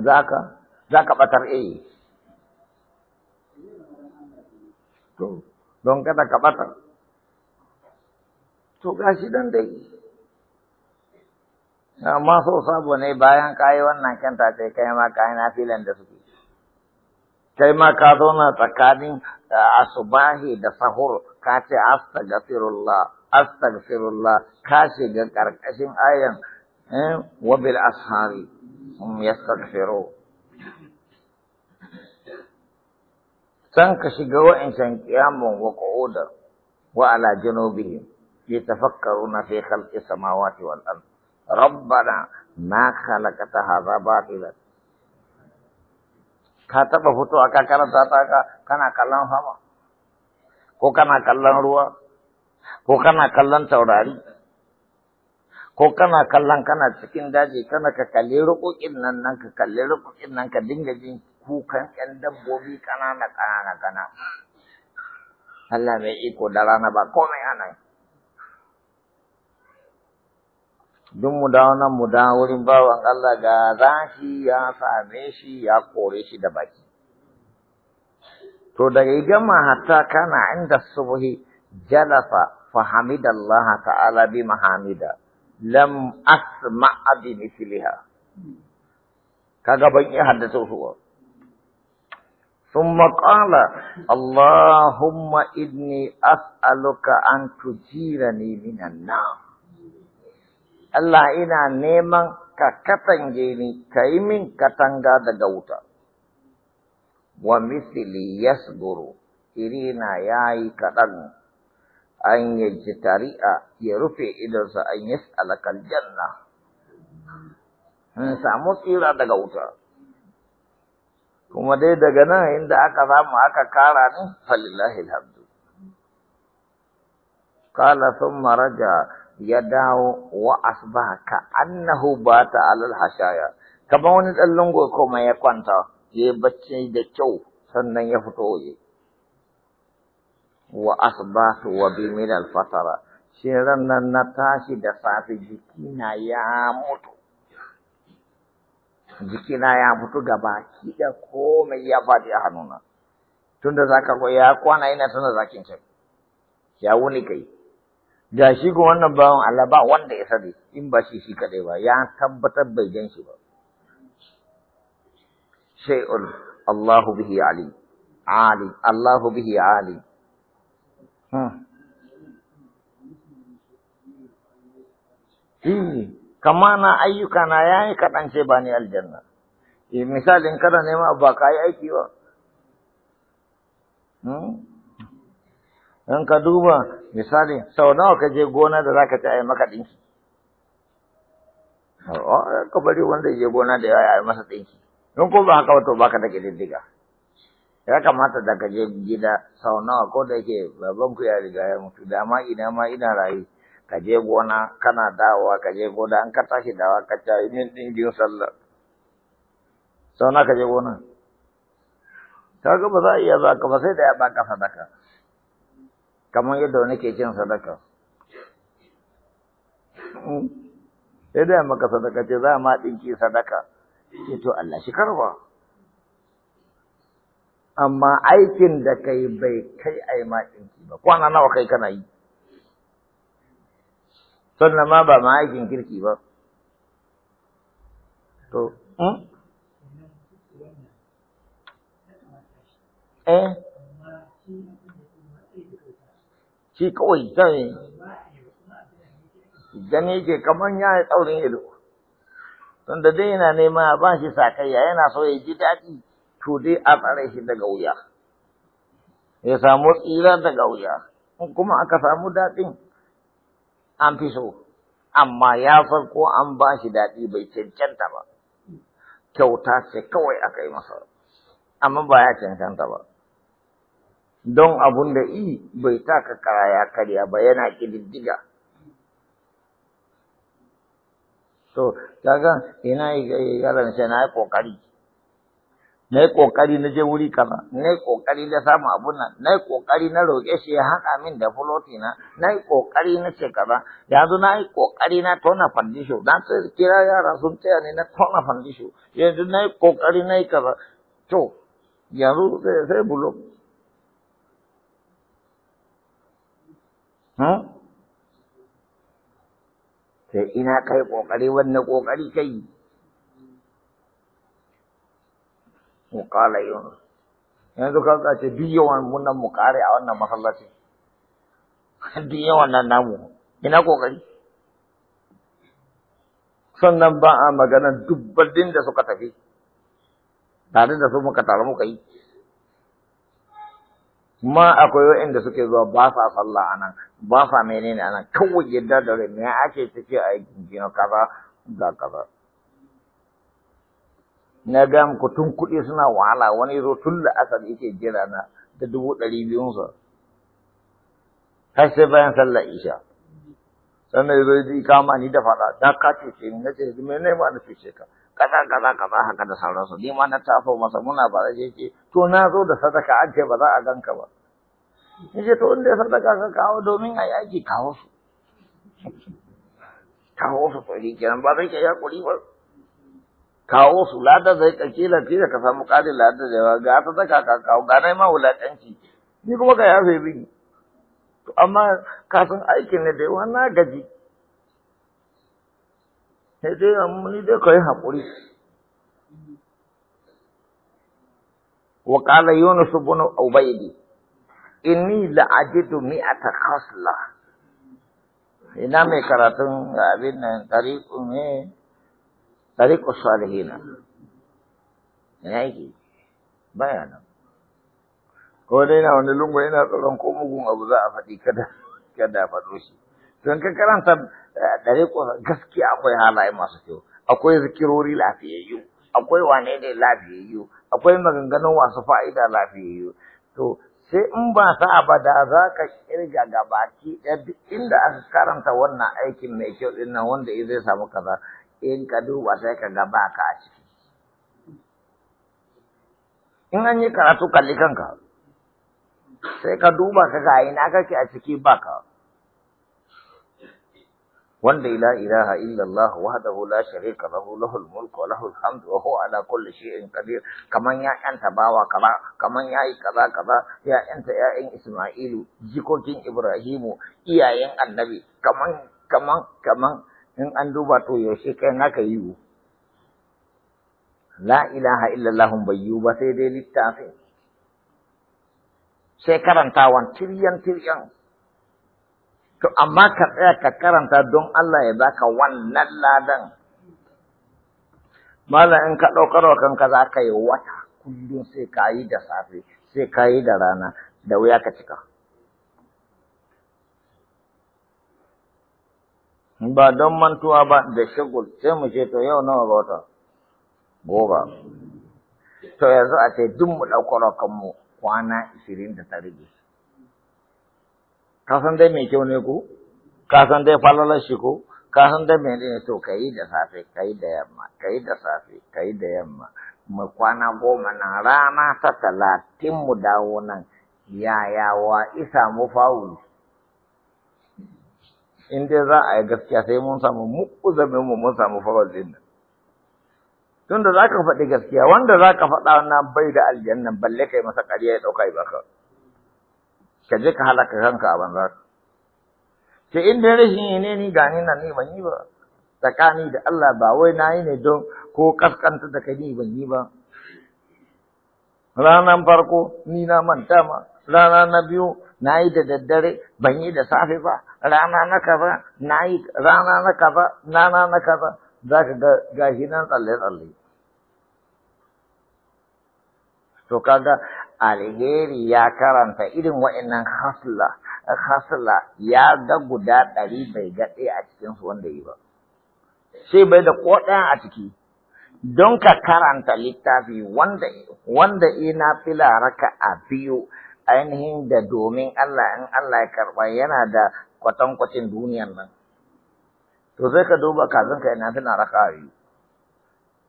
za ka za ka ɓatar eh to don kada ka ɓatar to gashi dan dai amma so sabo ne bayan yi wannan kanta ce kai ma yi na filan da suke kai ma ka zauna tsakanin asubahi da sahur ka ce astaghfirullah astaghfirullah ka shiga karkashin ayan eh, wabil ashari hum yastaghfirun san ka shiga wa'incan kiyamun wa qu'uda wa ala janubihim na fi khalqi samawati wal ard rabbana ma khalaqta hadha batila ka taba fito aka karanta ta ka kana kallon sama ko kana kallon ruwa ko kana kallon taurari ko kana kallon kana cikin daji kana ka kalli rukukin nan nan ka kalli rukukin nan ka dinga jin kukan ƴan dabbobi ƙanana ƙanana kana Allah mai iko da rana ba komai ana eh? duk mu dawo nan mu dawo wurin bawan Allah ga zafi ya same shi ya kore shi da baki to daga gama hatta kana inda subuhi jalafa fahamidallaha ta'ala bi mahamida lam asma'a bi misliha kaga ban iya haddace su ba Thumma qala Allahumma inni as'aluka an ne minan nar. Allah yana neman ka katange ni kai min katanga daga wuta. Wa mithli yasburu irina yayi kaɗan. an yaji tari'a ya rufe idonsa an yas'alaka aljanna. Hmm. Hmm. samu tsira daga wuta. kuma dai daga nan inda aka samu aka kara ne falillahi alhamdu qala thumma raja ya dawo wa asbaha ka annahu bata alal hashaya kamar wani dan lungo kuma ya kwanta ya bacci da kyau sannan ya fito waje wa asbatu wa bi min al shi ran nan na tashi da safi na ya mutu jikina ya mutu gaba ki da komai ya faɗi a hannuna tunda zaka ko ya kwana ina tana zakin can ya wuni kai ga shi ko wannan bawan Allah ba wanda ya sani in ba shi shi kadai ba ya tabbatar bai gan shi ba shay'un Allahu bihi ali ali Allahu bihi ali hmm. kamana ayyuka na ya yi kaɗan ce ba ni aljanna eh, misalin kada nema ba ka yi aiki ba hmm? in ka duba misali sau nawa ka je gona da zaka ci a yi maka ɗinki ka bari wanda je gona da ya yi masa ɗinki in ko ba haka ba to baka da ƙididdiga ya kamata da ka je gida sau nawa ko da yake babanku ya riga ya mutu da ma ina ma ina rayu ka je gona kana dawowa ka je gona an ka tashi dawa ka ci min dingin sallar sau na ka je gona kaga ba za a iya za ka ba sai da ya baka sadaka kamar yadda wani ke cin sadaka hmm. sai da ya maka sadaka ce za ma ɗinki sadaka ce to Allah shi karba amma aikin da kai bai kai a yi ma ɗinki ba kwana nawa kai kana yi sannan ma ba ma aikin kirki ba to hmm? eh shi kawai yi, gani ke kamar ya yi tsaurin ido tunda dai yana nema ba shi sakayya yana so ya ji daɗi to dai a tsare shi daga wuya ya samu tsira daga wuya kuma aka samu daɗin an fi so amma ya farko an ba shi daɗi bai cancanta ba kyauta ce kawai aka yi masa amma ba ya cancanta ba don abun da yi bai taka kara ya karya ba yana ƙididdiga to kaga ina eh, yaran shi na yi ƙoƙari na yi ƙoƙari na je wuri kaza na yi ƙoƙari na samu abun nan na yi ƙoƙari na roƙe shi ya haƙa min da fuloti na na yi ƙoƙari na ce kaza yanzu na yi ƙoƙari na tona fandisho na kira yara sun taya ne na tona fandisho yanzu na yi ƙoƙari na yi kaza to yanzu sai bulo hmm? sai ina kai ƙoƙari wanne ƙoƙari kai muƙala Yunus. Yanzu kan tsace duk yawan wannan mu a wannan masallacin. *laughs* Duk yawan nan namu, ina ƙoƙari. Sannan ba a maganar dubbaldin da suka tafi, tare da su muka taru muka yi. ma akwai waɗanda suke zuwa ba sa sallah a nan ba sa menene a kawai yadda da rai me ake cike a gingina kaza ga kaza na ga muku tun kuɗi suna wahala wani zo tun da asal yake jira na da dubu ɗari biyun sa har sai bayan sallar isha sannan zo yi kama ni da faɗa ta ka cuce ni na ce me ne ma na fice ka kaza kaza kaza haka da sauransu ni ma na tafa masa muna ba da ce to na zo da sadaka an ce ba za a ganka ba ni ce to inda sadaka ka kawo domin a yaki kawo su *laughs* kawo su to kenan ba zai ke ya ba kawo su lada zai kake la da ka samu kare lada da yawa ga ta saka ka kawo ga nai ma wulakanci ni kuma ga yafe bi to amma ka san aikin ne dai wannan gaji sai dai mun ni dai kai hakuri wa qala yunus ibn ubaydi inni la'ajidu mi'ata khasla ina mai karatun abin nan tariqu ne طريق الصالحين ina yake baya ko dai na wani lungu yana tsoron ko mugun abu za a faɗi kada kada a faɗo shi don ka karanta ɗare eh, gaskiya akwai halaye masu kyau akwai zikirori lafiyayyu akwai wane ne lafiyayyu akwai maganganun wasu fa'ida lafiyayyu to sai in ba sa da za ka kirga gabaki ɗaya duk inda aka karanta wannan aikin mai kyau ɗin wanda wanda zai samu kaza in ka duba sai ka ga ba ka a ciki in an yi karatu kalli kanka sai ka duba ka ga ina kake a ciki ba ka wanda la ilaha illallah wahdahu la sharika lahu lahul mulku wa lahul hamdu wa huwa ala kulli shay'in qadir kaman ya yanta bawa kama kaman yayi kaza kaza ya yanta ya'yan isma'ilu jikokin ibrahimu iyayen annabi kaman kaman kaman in an duba to yaushe kai naka yiwu la ilaha illallah bai yiwu ba sai dai littafin sai karantawan tiryan tiryan to amma ka tsaya ka karanta don Allah ya baka wannan ladan malam in ka ɗaukar wa kanka za ka yi wata kullum sai ka yi da safe sai ka yi da rana da wuya ka cika ba don mantuwa ba da shagul sai mu ce to yau nawa ga wata goma to yanzu a ce duk mu ɗaukar kanmu kwana ishirin da ta rage ka san dai mai kyau ne ko ka san dai falalar shi ko ka san dai mai ne to ka yi da safe ka yi da yamma ka yi da safe ka yi da yamma mu kwana goma nan rana ta talatin mu dawo nan yaya wa isa mu fawul in dai za a yi gaskiya sai mun samu zame mu mun samu farar din Tun tunda za ka faɗi gaskiya wanda za ka faɗa na bai da aljanna balle kai masa ƙarya ya ɗauka ya baka ka je ka halaka kanka a banza sai in dai rashin ne ni gani na ni ban yi ba tsakani da Allah ba wai na yi ne don ko kaskanta da kai ni ban yi ba ranan farko ni na manta ma rana na biyu na yi da daddare ban yi da safe ba rana na kaza na yi rana na kaza rana na kaza za ka ga gashi nan tsalle-tsalle to kaga alheri ya karanta irin wa'annan hasla hasla ya ga guda ɗari bai ga ɗaya a cikinsu wanda yi ba sai bai da ko ɗaya a ciki don ka karanta littafi wanda wanda ina fila raka a biyu ainihin da domin Allah in Allah ya karɓa yana da kwatankwacin duniyan nan. To sai ka duba kazan ka ina tana raka biyu.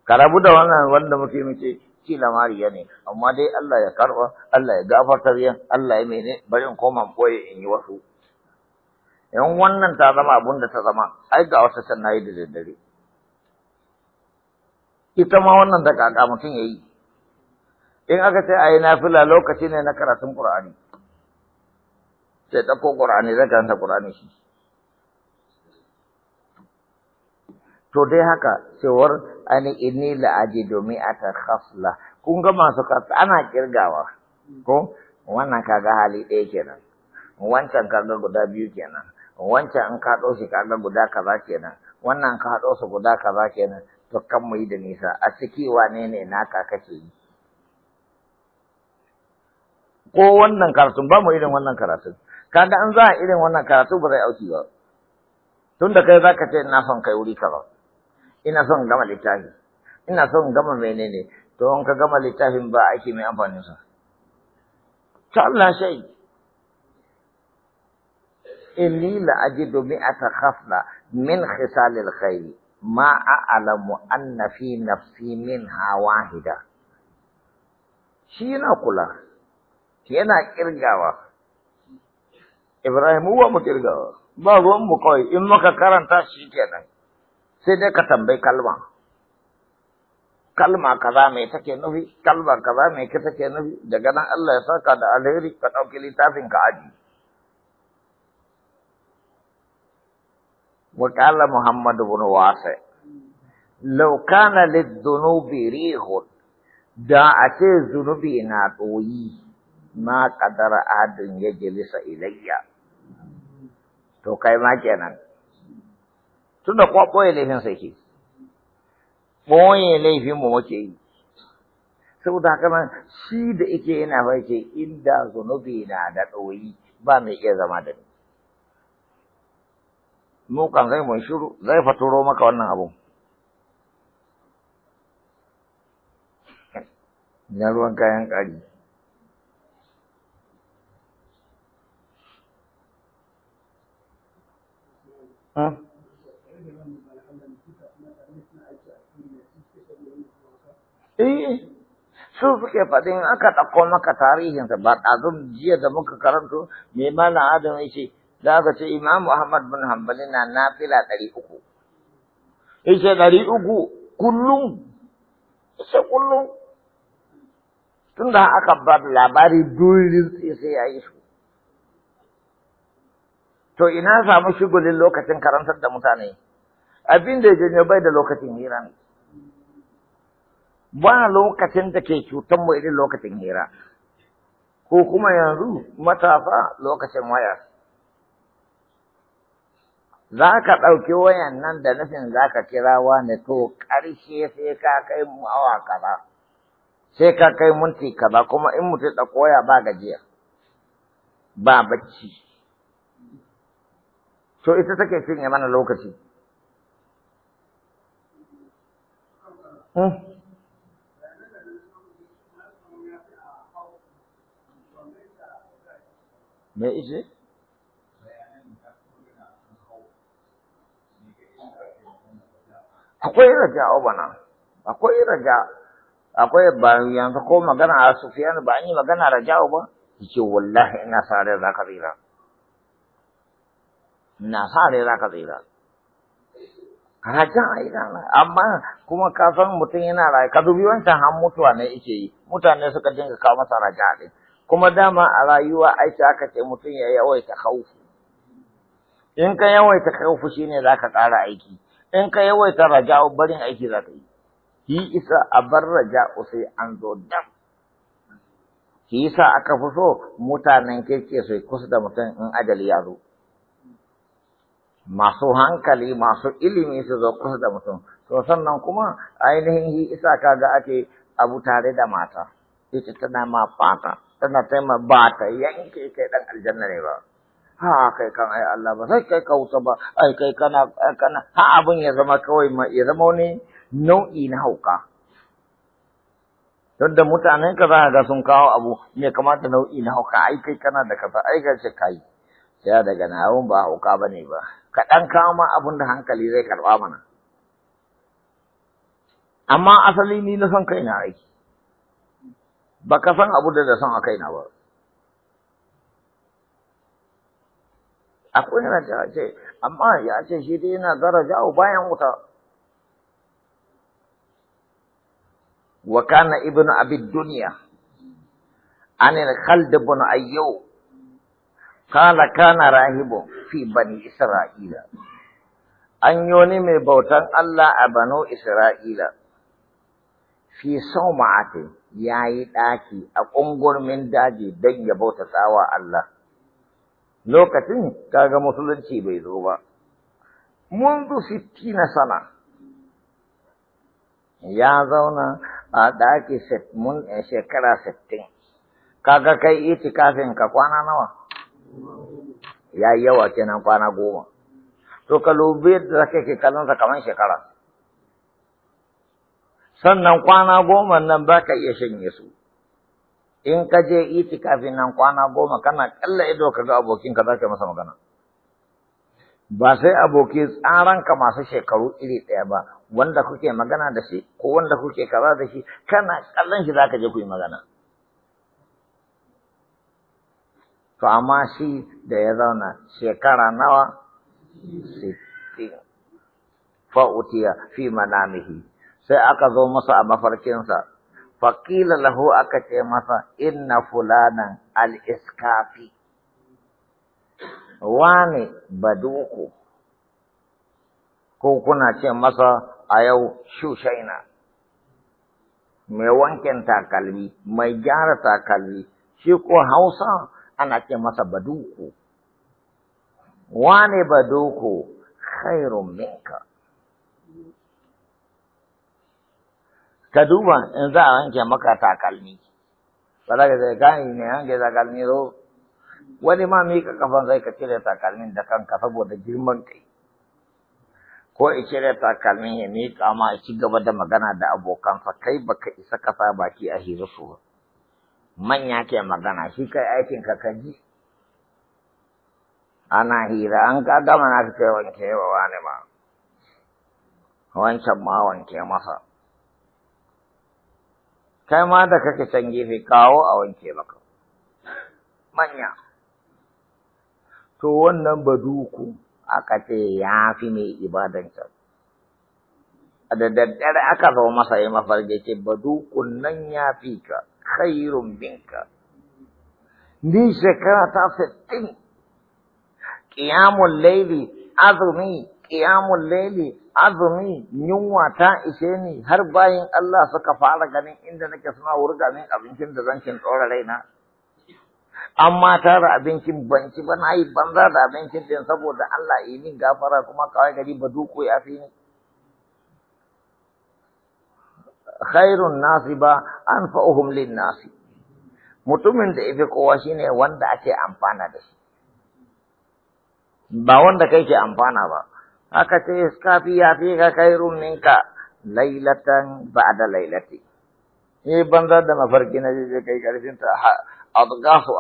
Ka da wannan wanda muke muke ki mariya ne, amma dai Allah ya karɓa, Allah ya gafarta biyan, Allah ya mene bari in koma boye in yi wasu. In wannan ta zama abun da ta zama, ai ga wata can yi da daddare. Ita ma wannan da kaka mutum ya yi. in aka ce a yi nafila lokaci ne na karatun ƙur'ani sai ɗauko ƙur'ani zai karanta ƙur'ani shi to dai haka cewar ani inni la'aji domin a ta khasla kun ga masu kasa ana kirgawa ko wannan kaga hali ɗaya kenan wancan kaga guda biyu kenan wancan in ka ɗau shi kaga guda kaza kenan wannan ka haɗo su guda kaza kenan to kan mu yi da nisa a ciki wane ne naka kake yi ko wannan karatun ba mu irin wannan karatun kaga an za a irin wannan karatu ba zai auki ba tun da kai zaka ce ina son kai wuri ba ina son gama littafi ina son gama menene to in ka gama littafin ba aiki mai amfanin sa ta Allah shai inni la ajidu mi'ata atakhafna min khisalil khayr ma a'lamu anna fi nafsi min hawahida shi yana kula yana kirgawa Ibrahim wa mu kirgawa ba ruwan mu kai in maka karanta shi kenan sai dai ka tambayi kalma kalma kaza mai take nufi kalma kaza mai ka take nufi daga nan Allah ya saka da alheri ka dauki littafin ka aji kala muhammad ibn wasa law kana lidunubi rihun da ake zunubi na ɗoyi ma qadara adun yajlisa ilayya to kai ma kenan tunda ko boye laifin sai ke laifin mu muke yi saboda haka nan shi da yake yana fa inda zunubi na da ɗoyi ba mai iya zama da ni mu kan zai mun shiru zai faturo maka wannan abun na ruwan kayan ƙari Eh, su suke faɗin aka ɗauko maka tarihinsa ba ɗazun jiya da muka karanto me ma adam ya ce za ka ce imam Ahmad bin Hanbali na nafila ɗari uku. Ya ce ɗari uku kullum, ya ce kullum. Tun da aka ba labari dole sai ya yi su. to ina samu shigulin lokacin karantar da mutane abin da ya janyo bai da lokacin hira ne ba lokacin da ke cutar mu irin lokacin hira ko kuma yanzu matasa lokacin waya za ka ɗauki wayan nan da nufin za ka kira wani to ƙarshe sai ka kai mu awa kaza sai ka kai munti kaza kuma in mutum ɗauko waya ba gajiya ba bacci so ita take cinye mana lokaci hmm? me ishe akwai raja obana akwai raja akwai ba yanzu ko magana a sufiyanu ba an yi magana raja ba yake wallahi ina sa da za ka na sa rai za ka tsira yi aina amma kuma ka san mutum yana rayu ka dubi wancan har mutuwa ne yake yi mutane suka dinga kawo masa raja ne. kuma dama a rayuwa aiki aka ce mutum ya yawaita haufu. in ka yawaita ne shine ka ƙara aiki in ka yawaita raja'u barin aiki za ka yi shi isa a bar raja sai an zo dam shi isa aka fi so mutanen kirki su kusa da mutum in ajali ya zo masu hankali masu ilimi su zo kusa da mutum to sannan kuma ainihin yi isa kaga ake abu tare da mata ita tana ma fata tana taima ba ta yanke kai dan aljanna ne ba ha kai kan ai Allah ba sai kai kauta ba ai kai kana kana ha abun ya zama kawai ma ya zama wani nau'i na hauka don da mutanen ka za ga sun kawo abu me kamata nau'i na hauka ai kai kana da kafa ai ga shi kai sai daga nawon ba hauka bane ba ka ɗan kawo ma abin da hankali zai karɓa mana. Amma asali ni na son kaina aiki, ba ka san abu da son a kaina ba. Akwai yana ta ce, amma ya ce shi dai yana daraja bayan wuta. Wa kana ibn abid duniya, anil khald ibn ayyau. Kala kana rahibu fi bani Isra'ila. An yoni mai bautan Allah a bano Isra'ila. Fi sau ma'atin ya yi ɗaki a ƙungurmin daji don ya bauta tsawa Allah. Lokacin kaga musulunci bai zo ba. Mundu sittina sana. Ya zauna a ɗaki eh, shekara sittin. Kaga kai itikafin ka kwana nawa? ya yi yawa kenan kwana goma to ka lobe da kake kallon sa kamar shekara sannan kwana goma nan baka iya shanye su in ka je itikafin nan kwana goma kana kalla ido ka ga abokin ka zaka masa magana ba sai aboki tsaranka masu shekaru iri ɗaya ba wanda kuke magana da shi ko wanda kuke kaza da shi kana kallon shi zaka je ku yi magana to amma shi da ya zauna shekara nawa sittin fa'utiya fi manamihi sai aka zo masa a mafarkinsa Fakila lahu aka ce masa inna fulanan al-iskafi wane baduku ko kuna ce masa a yau shushaina mai wankin takalmi mai gyara takalmi shi ko hausa ana ce masa baduku wane baduku khairun minka ka duba in za a wanke maka takalmi ba za ka sai gani ne takalmi zo wani ma mika kafan zai ka cire takalmin da kanka saboda girman kai ko in cire takalmin ya mika ma ci gaba da magana da abokansa kai baka isa ka baki a hirarsu ba manya ke magana shi kai aikin ka kaji ana hira an ka gama na kai wanke wa wani ma wancan ma wanke masa kai ma da kake san gefe kawo a wanke maka manya to wannan baduku aka ce ya fi mai ibadanta, a da daddare aka zo masa yi mafarge ce badukun nan ya fi ka khairun minka ni shekara ta sittin ƙiyamun laili azumi ƙiyamun laili azumi yunwa ta ishe ni har bayan Allah suka fara ganin inda nake suna wurga min abincin da zan cin tsora raina amma da abincin banci ci ba na yi banza da abincin din saboda Allah yi min gafara kuma kawai gari ba duku ya fi ni khairun nasi ba an nasi mutumin da ifi kowa shine wanda ake amfana da shi ba wanda kai ke amfana ba Haka ce iskafi ya fi ka khairun ninka lailatan ba'da lailati ni banza da mafarki na je kai karfin ta adgafu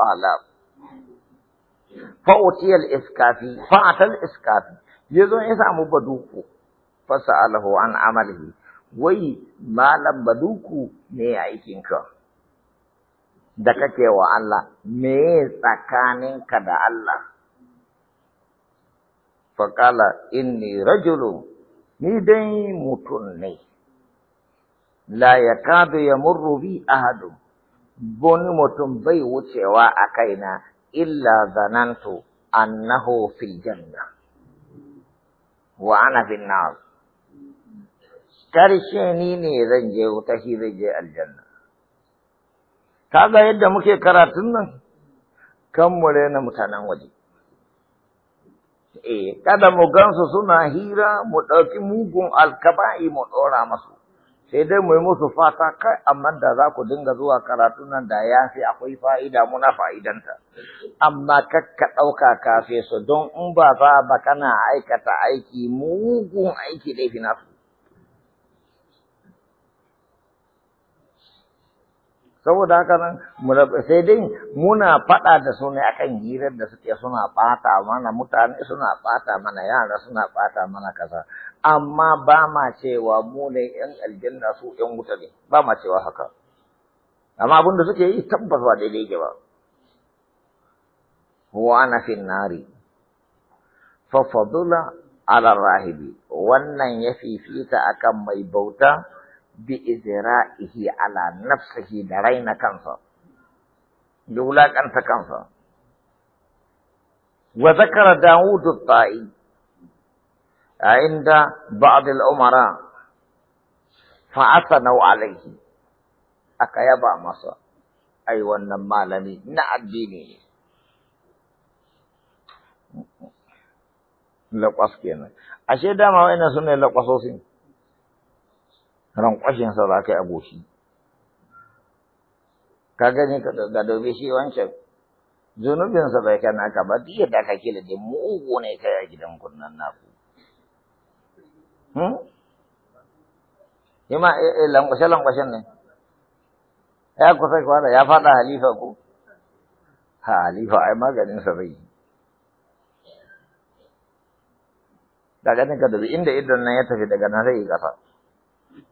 fa utiyal iskafi atal iskafi yazo ya samu baduku fasa'alahu an amalihi wai malam baduku ne aikinka da kake wa Allah me tsakaninka da Allah faƙala inni rajulu ni dai mutum ne la ya kadu bi ahadu wani mutum bai wucewa a kaina illa zanantu annahu fil janna wa ana fil nar karshe ni ne zan je wuta shi zai je aljanna kaga yadda muke karatun nan kan mu rena mutanen waje eh kada mu gansu suna hira mu ɗauki mugun alkaba'i mu ɗora masu sai dai mu yi musu fata kai amma da za ku dinga zuwa karatu nan da ya fi akwai fa'ida muna fa'idanta amma kakka ɗauka kafe su don in ba za ba kana aikata aiki mugun aiki dai fi nasu saboda haka nan sai dai muna faɗa da su ne akan hirar da suke suna ɓata mana mutane suna ɓata mana yara suna ɓata mana kaza amma ba ma cewa mu ne 'yan aljanna su 'yan wuta ne ba ma cewa haka amma abin da suke yi tabbas ba daidai ke ba wa ana fin nari fafadula ala rahibi wannan ya fifita akan mai bauta بإزرائه على نفسه درين كنصا لولاك أنت كنصا وذكر داود الطائي عند بعض الأمراء فأثنوا عليه أكيبا مصا أيوة نما لمي نعد ديني لقصكين أشهد ما وإن سنة لقصوصين rankwashinsa za ka yi aboki ka gani ka dobe shi wancan zunubinsa bai kai naka ba duk yadda ka kila da mugu ne kai a gidan kunnan naku hmm? Ima eh, eh, lankwashe-lankwashen ne, ya kusa kwada ya faɗa halifa ko? Ha, halifa ai sa zai yi. Daga ka da inda idan nan ya tafi daga nan zai yi ƙasa.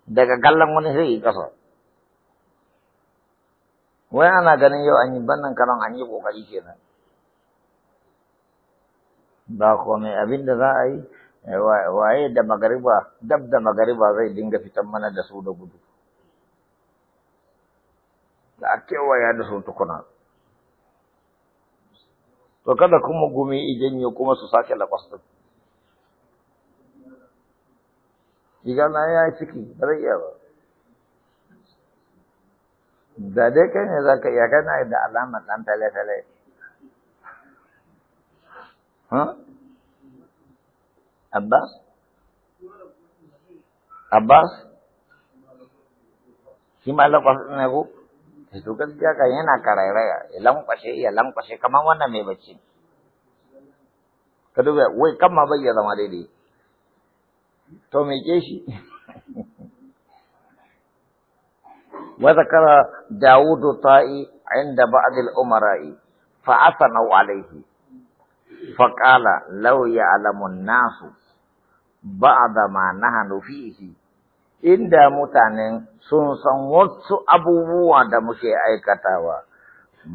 daga gallan wani sai yi kasa wai ana ganin yau an yi bannan karon an yi kokari kenan ba komai abin da za a yi eh, waye da magariba dab da magariba zai dinga fitan mana da su da gudu da a kewaya da su tukuna to kada kuma gumi idan ya kuma su sake lakwasta Iga na ya ciki, ba zai iya ba. Da dai kai ne za ka iya kana da alamar ɗan tale-tale. Abbas? Abbas? Shi ma lakwas ne ko? to gaskiya kaya yana karairaya ya lankwashe ya lankwashe kamar wannan mai bacci ka duba wai kan ma bai ya zama daidai to mai keshi wazakara dawudu ta'i inda ba'adil umarai fa asanau alaihi fa qala law ya'lamun nasu ba'da ma nahanu fihi inda mutanen sun san wasu abubuwa da muke aikatawa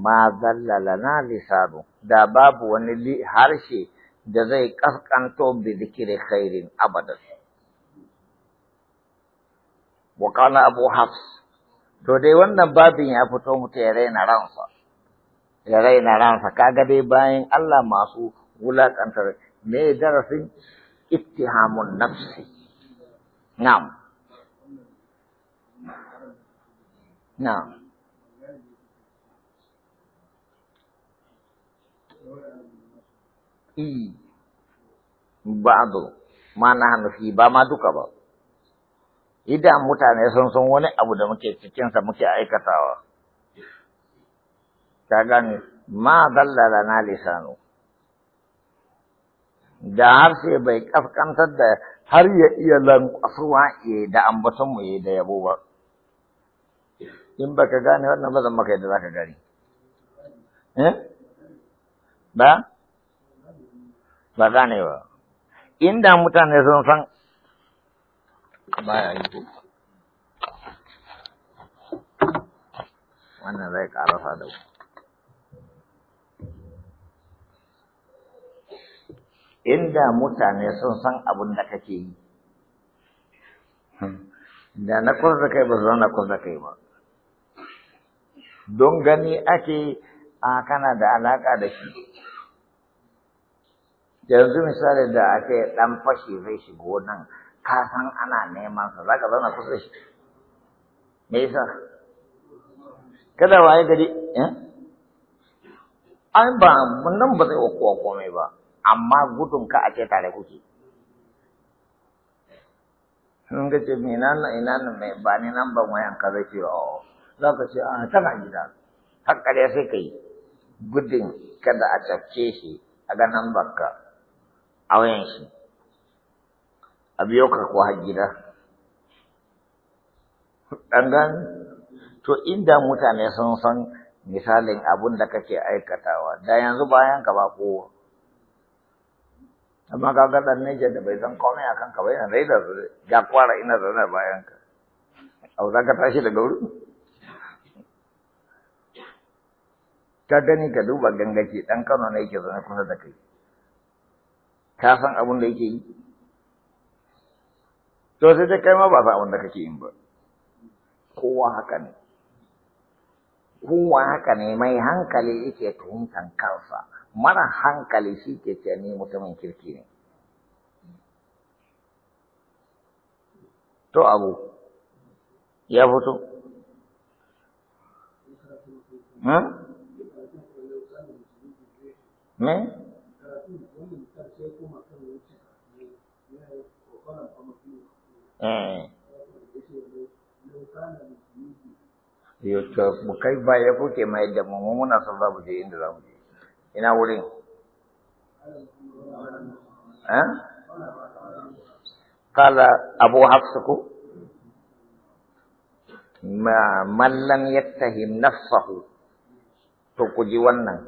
ma zallala na lisanu da babu wani harshe da zai kaskanto bi zikirin khairin abadan wa kana abu to dai wannan babin ya fito mutu ya raina ransa ya raina ransa kaga dai bayan Allah masu wulakantar me darasin ittihamun nafsi na'am na'am بعض ma نحن فيه ba ma duka ba. idan mutane sun san wani abu da muke cikinsa muke aikatawa. Ta gane, ma zallala na lisanu, da harshe bai kaskantar da har ya iya lankwasuwa ya da ambatonmu ya da yabo ba. In baka gane wannan ba zan maka yadda za ka gari, eh? Ba? Ba gane ba. Inda mutane sun san baya inda mutane sun san abin da kake yi da na kurza kai ba zauna kurza kai ba don gani ake a kana da alaka da shi yanzu misali da ake dan fashi zai shigo nan ka san ana neman sa za ka zauna kusa shi me yasa kada waye gari eh an ba nan ba zai kowa komai ba amma gudun ka a ce tare kuke sun ga ce me nan ina nan mai ba ni nan ban wayan ka zai ce o za ka ce a ah, tana gida hakkar ya sai kai gudun kada a cafke shi a ga nan bakka a wayan shi a biyo ka ko har gida dangan to inda mutane sun san misalin abun da kake aikatawa da yanzu bayan ka ba kowa amma ka ga dan da bai san komai a ka ba yana rai da ya kwara ina zaune bayan ka A za ka tashi daga wuri? ka gani ka duba gangaki ɗan Kano ne yake zaune kusa da kai ka san abun da yake yi to sai dai kai ma ba sa wanda kake yin ba kowa haka ne kowa haka ne mai hankali yake tuhumtan kansa mara hankali shi ke ce ni mutumin kirki ne to abu ya fito hmm? Me? Eh. Youtube, mu kai baya kuke mai da mu muna son za mu je inda za mu je. Ina wurin? Eh? Kala Abu Hafsuku, mallan yattahim nafsahu, to ku ji wannan.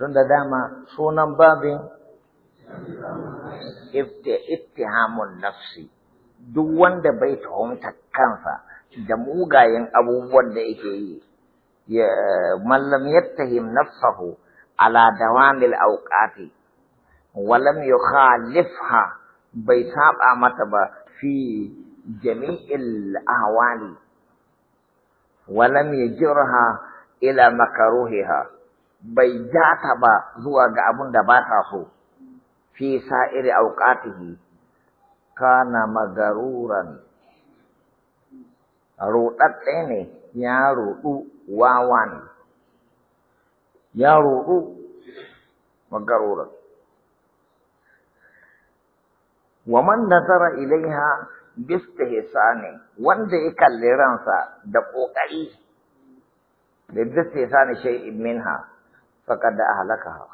Tun da dama sunan babin ittihamun nafsi. duk wanda bai tuhumta kansa da mugayen abubuwan da yake yi ya mallam yattahim nafsahu ala dawamil awqati walam yukhalifha bai saba mata ba fi jami'il ahwali walam yajruha ila makaruhiha bai jata ba zuwa ga abun da ba ta so fi sa'iri awqatihi kana magaruran ruɗaɗɗe ne ya ruɗu wawan ya ruɗu magaruran waman nazara ilaiha bistihsani wanda ya kalli ransa da ƙoƙari da bistihsani shay'in minha faqad ahlakaha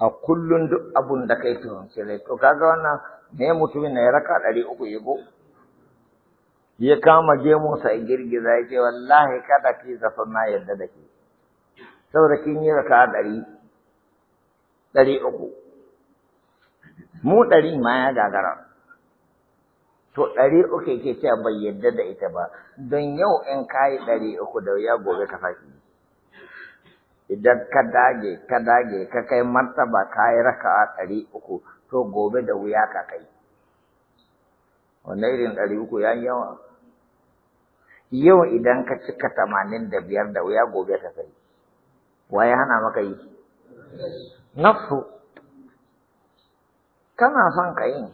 a kullum duk abun da kai tun sai to kaga wannan me mutumin ne ya raka ɗari uku yabo ya kama gemunsa ya girgiza ya ce wallahi kada ki zafa na yadda da ke saboda kin yi raka ɗari ɗari uku mu ɗari ma ya gagara to ɗari uku ke cewa bai yadda da ita ba don yau in kayi ɗari uku da ya gobe ka faɗi idan ka dage ka dage ka kai martaba ka yi a ɗari uku to gobe da wuya ka kai wannan irin ɗari uku ya yawa yau idan ka cika tamanin da biyar da wuya gobe ka kai wa ya hana maka yi nafsu kana son ka yi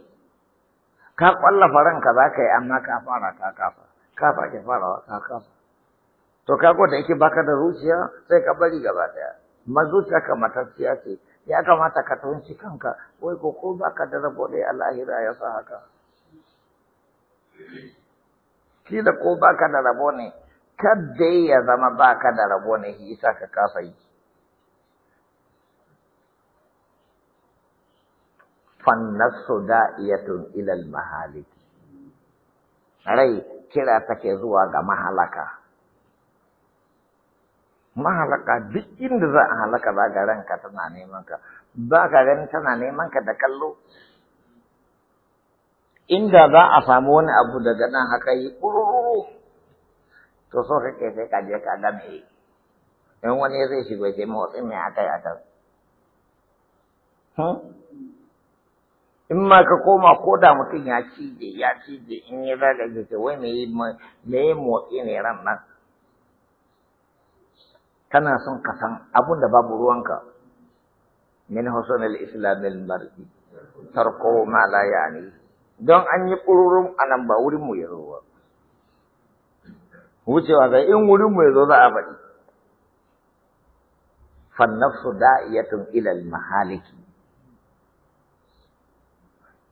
ka ƙwallafa ranka za ka yi amma ka fara ka kafa ka fara ka kafa to kago da yake baka da zuciya sai ka bari gaba daya mazuciya ka ce ya kamata ka tunci kanka wai ko ko baka da rabo dai al'ahira ya sa haka kila ko baka da rabo ne kadda ya zama baka da rabo ne shi isa ka kasa yi fannasu da'iyatun ilal mahaliki rai kira take zuwa ga mahalaka mahalaka duk inda za a halaka za ga ranka tana neman ka ba ka gani tana neman ka da kallo inda za a samu wani abu daga nan haka yi ƙururu to so kake sai ka je ka ga me in wani zai shigo ce motsin me aka yi a can hmm? in ma ka koma ko da mutum ya cije ya cije in ya zaga ce wai me yi motsi ne ran nan kana son ka san abun da babu ruwanka min husnul al mar'i tarko ma la yani don an yi kururum anan ba wurin mu ya ba wucewa ga in wurin mu yazo za a faɗi nafsu da'iyatun ila al-mahaliki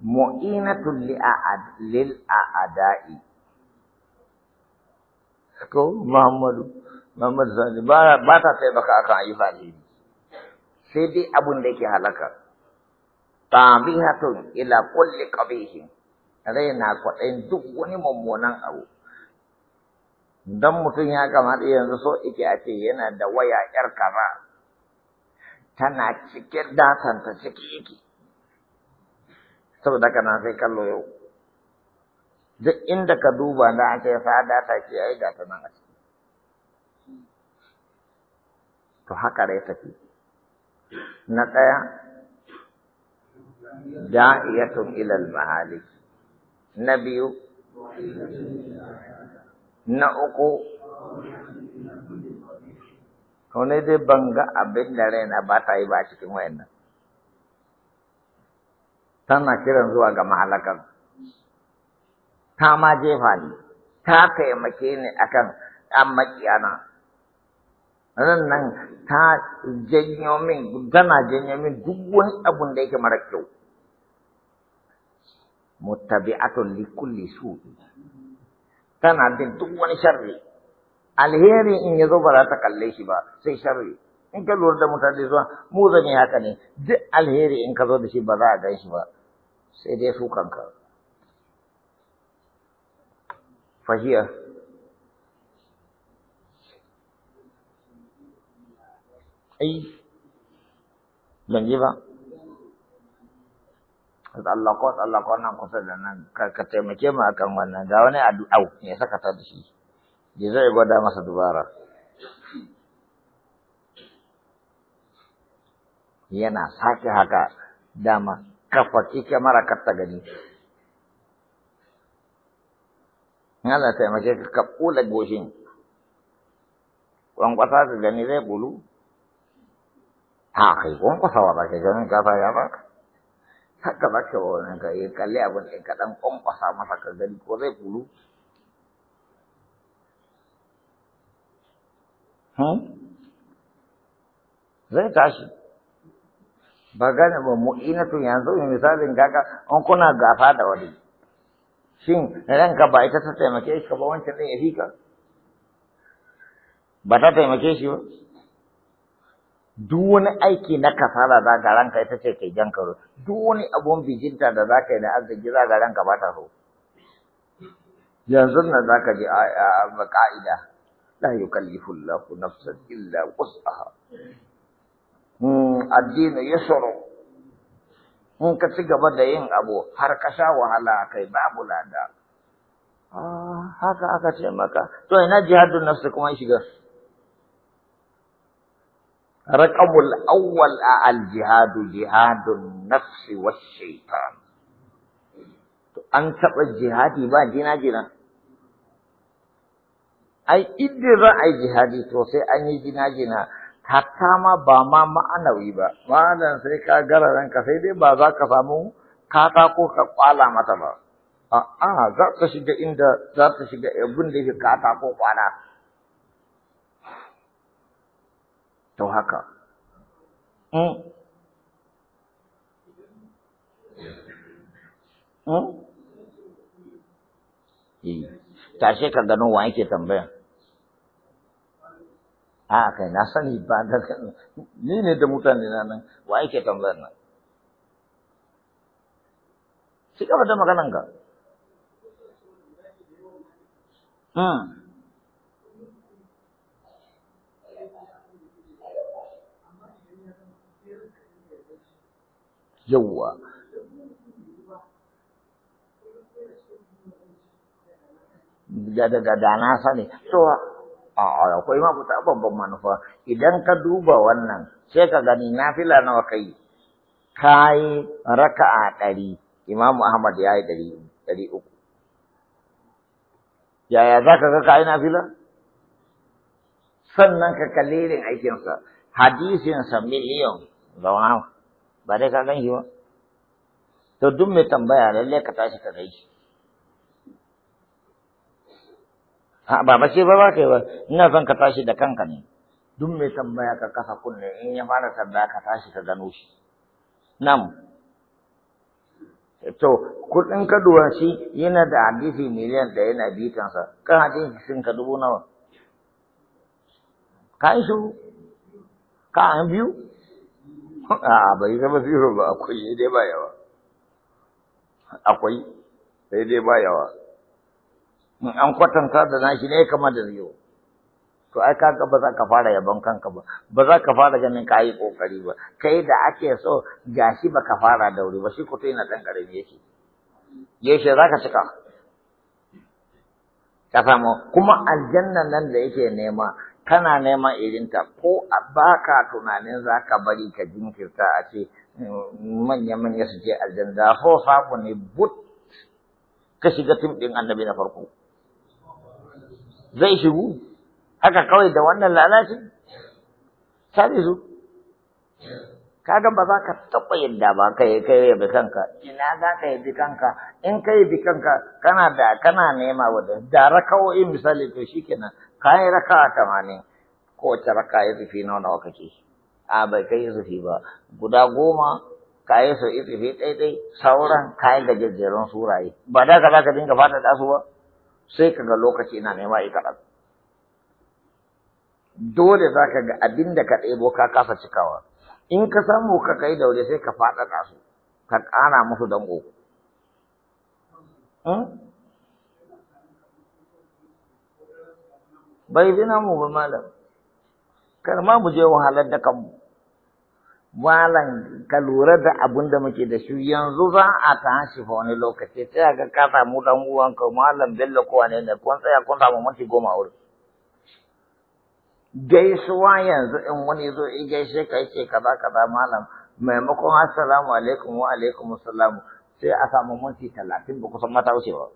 mu'inatun lil a'ada'i ko muhammadu Muhammad Sani ba ta baka akan ayyuka alheri. Sai dai abun da yake halaka. Tabihatun ila kulli qabihi. Rai na kwaɗayin duk wani mummunan abu. Dan mutum ya kamata yanzu so ike a ce yana da waya ‘yar kaza. Tana cike datanta ciki yake. Saboda kana sai kallo yau. Duk inda ka duba da ake fada ta ce ai ga ta nan a ciki. to haka rai take na ɗaya da'iyatun ilal mahalik na biyu na uku to ne dai ban abin da raina ba ta yi ba cikin wayannan tana kiran zuwa ga mahalakar ta ma jefa ne ta taimake ni akan ɗan maƙiyana ran nan ta janyo min gana janyo min duk wani abun da yake mara kyau mutabi'atun li kulli su'i tana bin duk wani sharri alheri in yazo ba za ta kalle shi ba sai sharri in ka lura da mutane zuwa mu zane haka ne duk alheri in ka zo da shi ba za a gan shi ba sai dai su kanka fahiyar ai ban ji ba tsallako tsallako nan kusa da nan ka taimake mu akan wannan ga wani au. ya saka ta da shi je zai gwada masa dubara yana sake haka dama kafa kike mara katta gani Allah taimake ka ka kula goshin kwankwasa ka gani zai bulu a kai kwankwasawa ba ke ganin gafa ya baka haka ba ke wani ka yi kalli abin da ka dan kwankwasa masa ka gani ko zai kulu zai tashi ba gane ba mu'inatu yanzu misalin kaka an kuna gafa da wani shin ranka ba ita ta taimake shi ka ba wancan ɗin ya fi ba ta taimake shi ba duk wani aiki na kasala za ka ranka ita ce kai jan karo duk wani abun bijinta da za ka yi na arziki za ka ranka ba ta so yanzu nan za ka ji a ka'ida la yukallifu llahu nafsan illa wus'aha hmm, addini yusru in ka ci gaba da yin abu har ka sha wahala kai babu lada ah, haka aka ce maka to ina jihadun nafsi kuma shiga Rakamul awwal a aljihadu, jihaɗun nafsi wacce yi fara? To an taɓa jihaɗi ba gina gina. An yi iddin ra'ayin jihaɗi sosai an yi gina gina. Tattama ba ma ma'anar ba. Malam sai ka gara danka, sai dai ba za ka samu katako ka kwala mata ba. A'a za ta shiga inda da, za ta shiga a gun dai ta katako kwala. Hmm? Hmm? Eh. to haka tashe ka gano wa yake tambaya a kai na sani ba da *laughs* ni ne da mutane na nan wa yake tambayar nan shi gaba da maganan ka yawwa da da na sani to a akwai ma fita babban manufa idan ka duba wannan sai ka gani fila nawa kai raka a ɗari imamu ahmad ya yi ɗari uku yaya za ka ga na fila? sannan ka kalli irin aikinsa hadisinsa miliyon zauna ba dai ka gan shi ba to duk mai tambaya lalle ka tashi ka gaishe? ha ba ba ce ba ba kai ba ina son ka tashi da kanka ne duk mai tambaya ka kasa kunne in ya fara tambaya ka tashi ka gano shi nam to kudin ka shi yana da hadisi miliyan da yana bitansa kan shi sun ka dubu nawa ka yi shiru ka an biyu a'a bai zama zero ba akwai sai dai ba yawa akwai sai dai ba yawa in an kwatanta da nashi ne kamar da zero to ai kaga ba za ka fara yabon kanka ba ba za ka fara ganin ka yi kokari ba kai da ake so gashi ba ka fara wuri ba shi ko to yana dan karami yake yaushe za ka cika ka samu kuma aljanna nan da yake nema kana neman irinta ko a baka tunanin za ka bari ka jinkirta a ce manya-manya su je aljanda ko sabu ne but ka shiga tim ɗin annabi na farko zai shigu haka kawai da wannan lalacin sani su kaga ba za ka taɓa yadda ba ka yi kai yabi kanka ina za ka yabi kanka in ka yabi kanka kana da kana nema wa da dara misali to kenan. ka raka a ko kowace raka ya tafi nawa nawa kake a bai kai izufi ba guda goma ka yi su izufi ɗaiɗai sauran ka yi gajejjerun suraye ba da ka za ka dinga fata da su ba sai ka ga lokaci ina nema yi kaɗan dole za ka ga abin da ka ɗebo ka kasa cikawa in ka samu ka kai daure sai ka da su ka ƙara musu dango. Hmm? bai zina mu ba malam kar ma mu je wahalar da kanmu malam ka lura da abun da muke da shi yanzu za a tashi fa wani lokaci sai ga ka samu dan uwanka malam bello ko wane ne kun tsaya kun samu minti goma a wurin gaisuwa yanzu in wani zo in gaishe ka ce kaza kaza malam maimakon assalamu alaikum wa alaikum assalam sai a samu minti talatin ba kusan mata wucewa.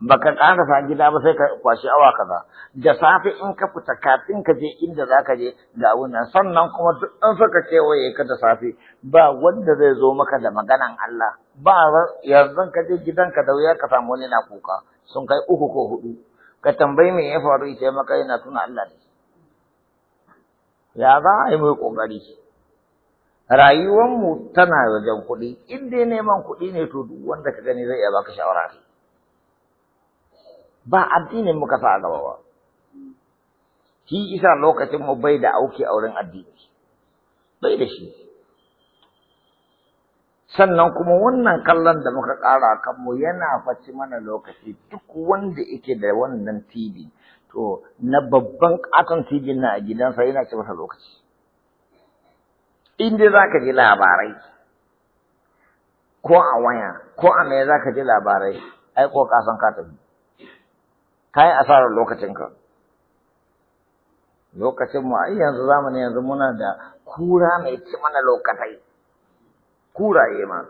baka karasa gida ba sai ka kwashi awa kaza da safe in ka fita kafin ka je inda zaka je ga wannan sannan kuma duk an saka kewaye ka da safe ba wanda zai zo maka da maganan Allah ba yanzu ka je gidanka da wuya ka samu wani na kuka sun kai uku ko hudu ka tambayi me ya faru ita maka yana tuna Allah ne ya za a yi mai kokari rayuwanmu tana wajen kuɗi in neman kuɗi ne to duk wanda ka gani zai iya baka shawara ne ba addinin muka sa a gaba ba shi isa lokacin mu bai da auki a wurin addini bai da shi sannan kuma wannan kallon da muka ƙara kanmu yana faci mana lokaci duk wanda yake da wannan TV to na babban katon TV na a gidansa yana ci masa lokaci inda za ka ji labarai ko a waya ko a me za ji labarai ai ko ka san ka tafi ka yi asarar lokacinka lokacinmu ai yanzu zamani yanzu muna da kura mai ci mana lokatai kuraye ma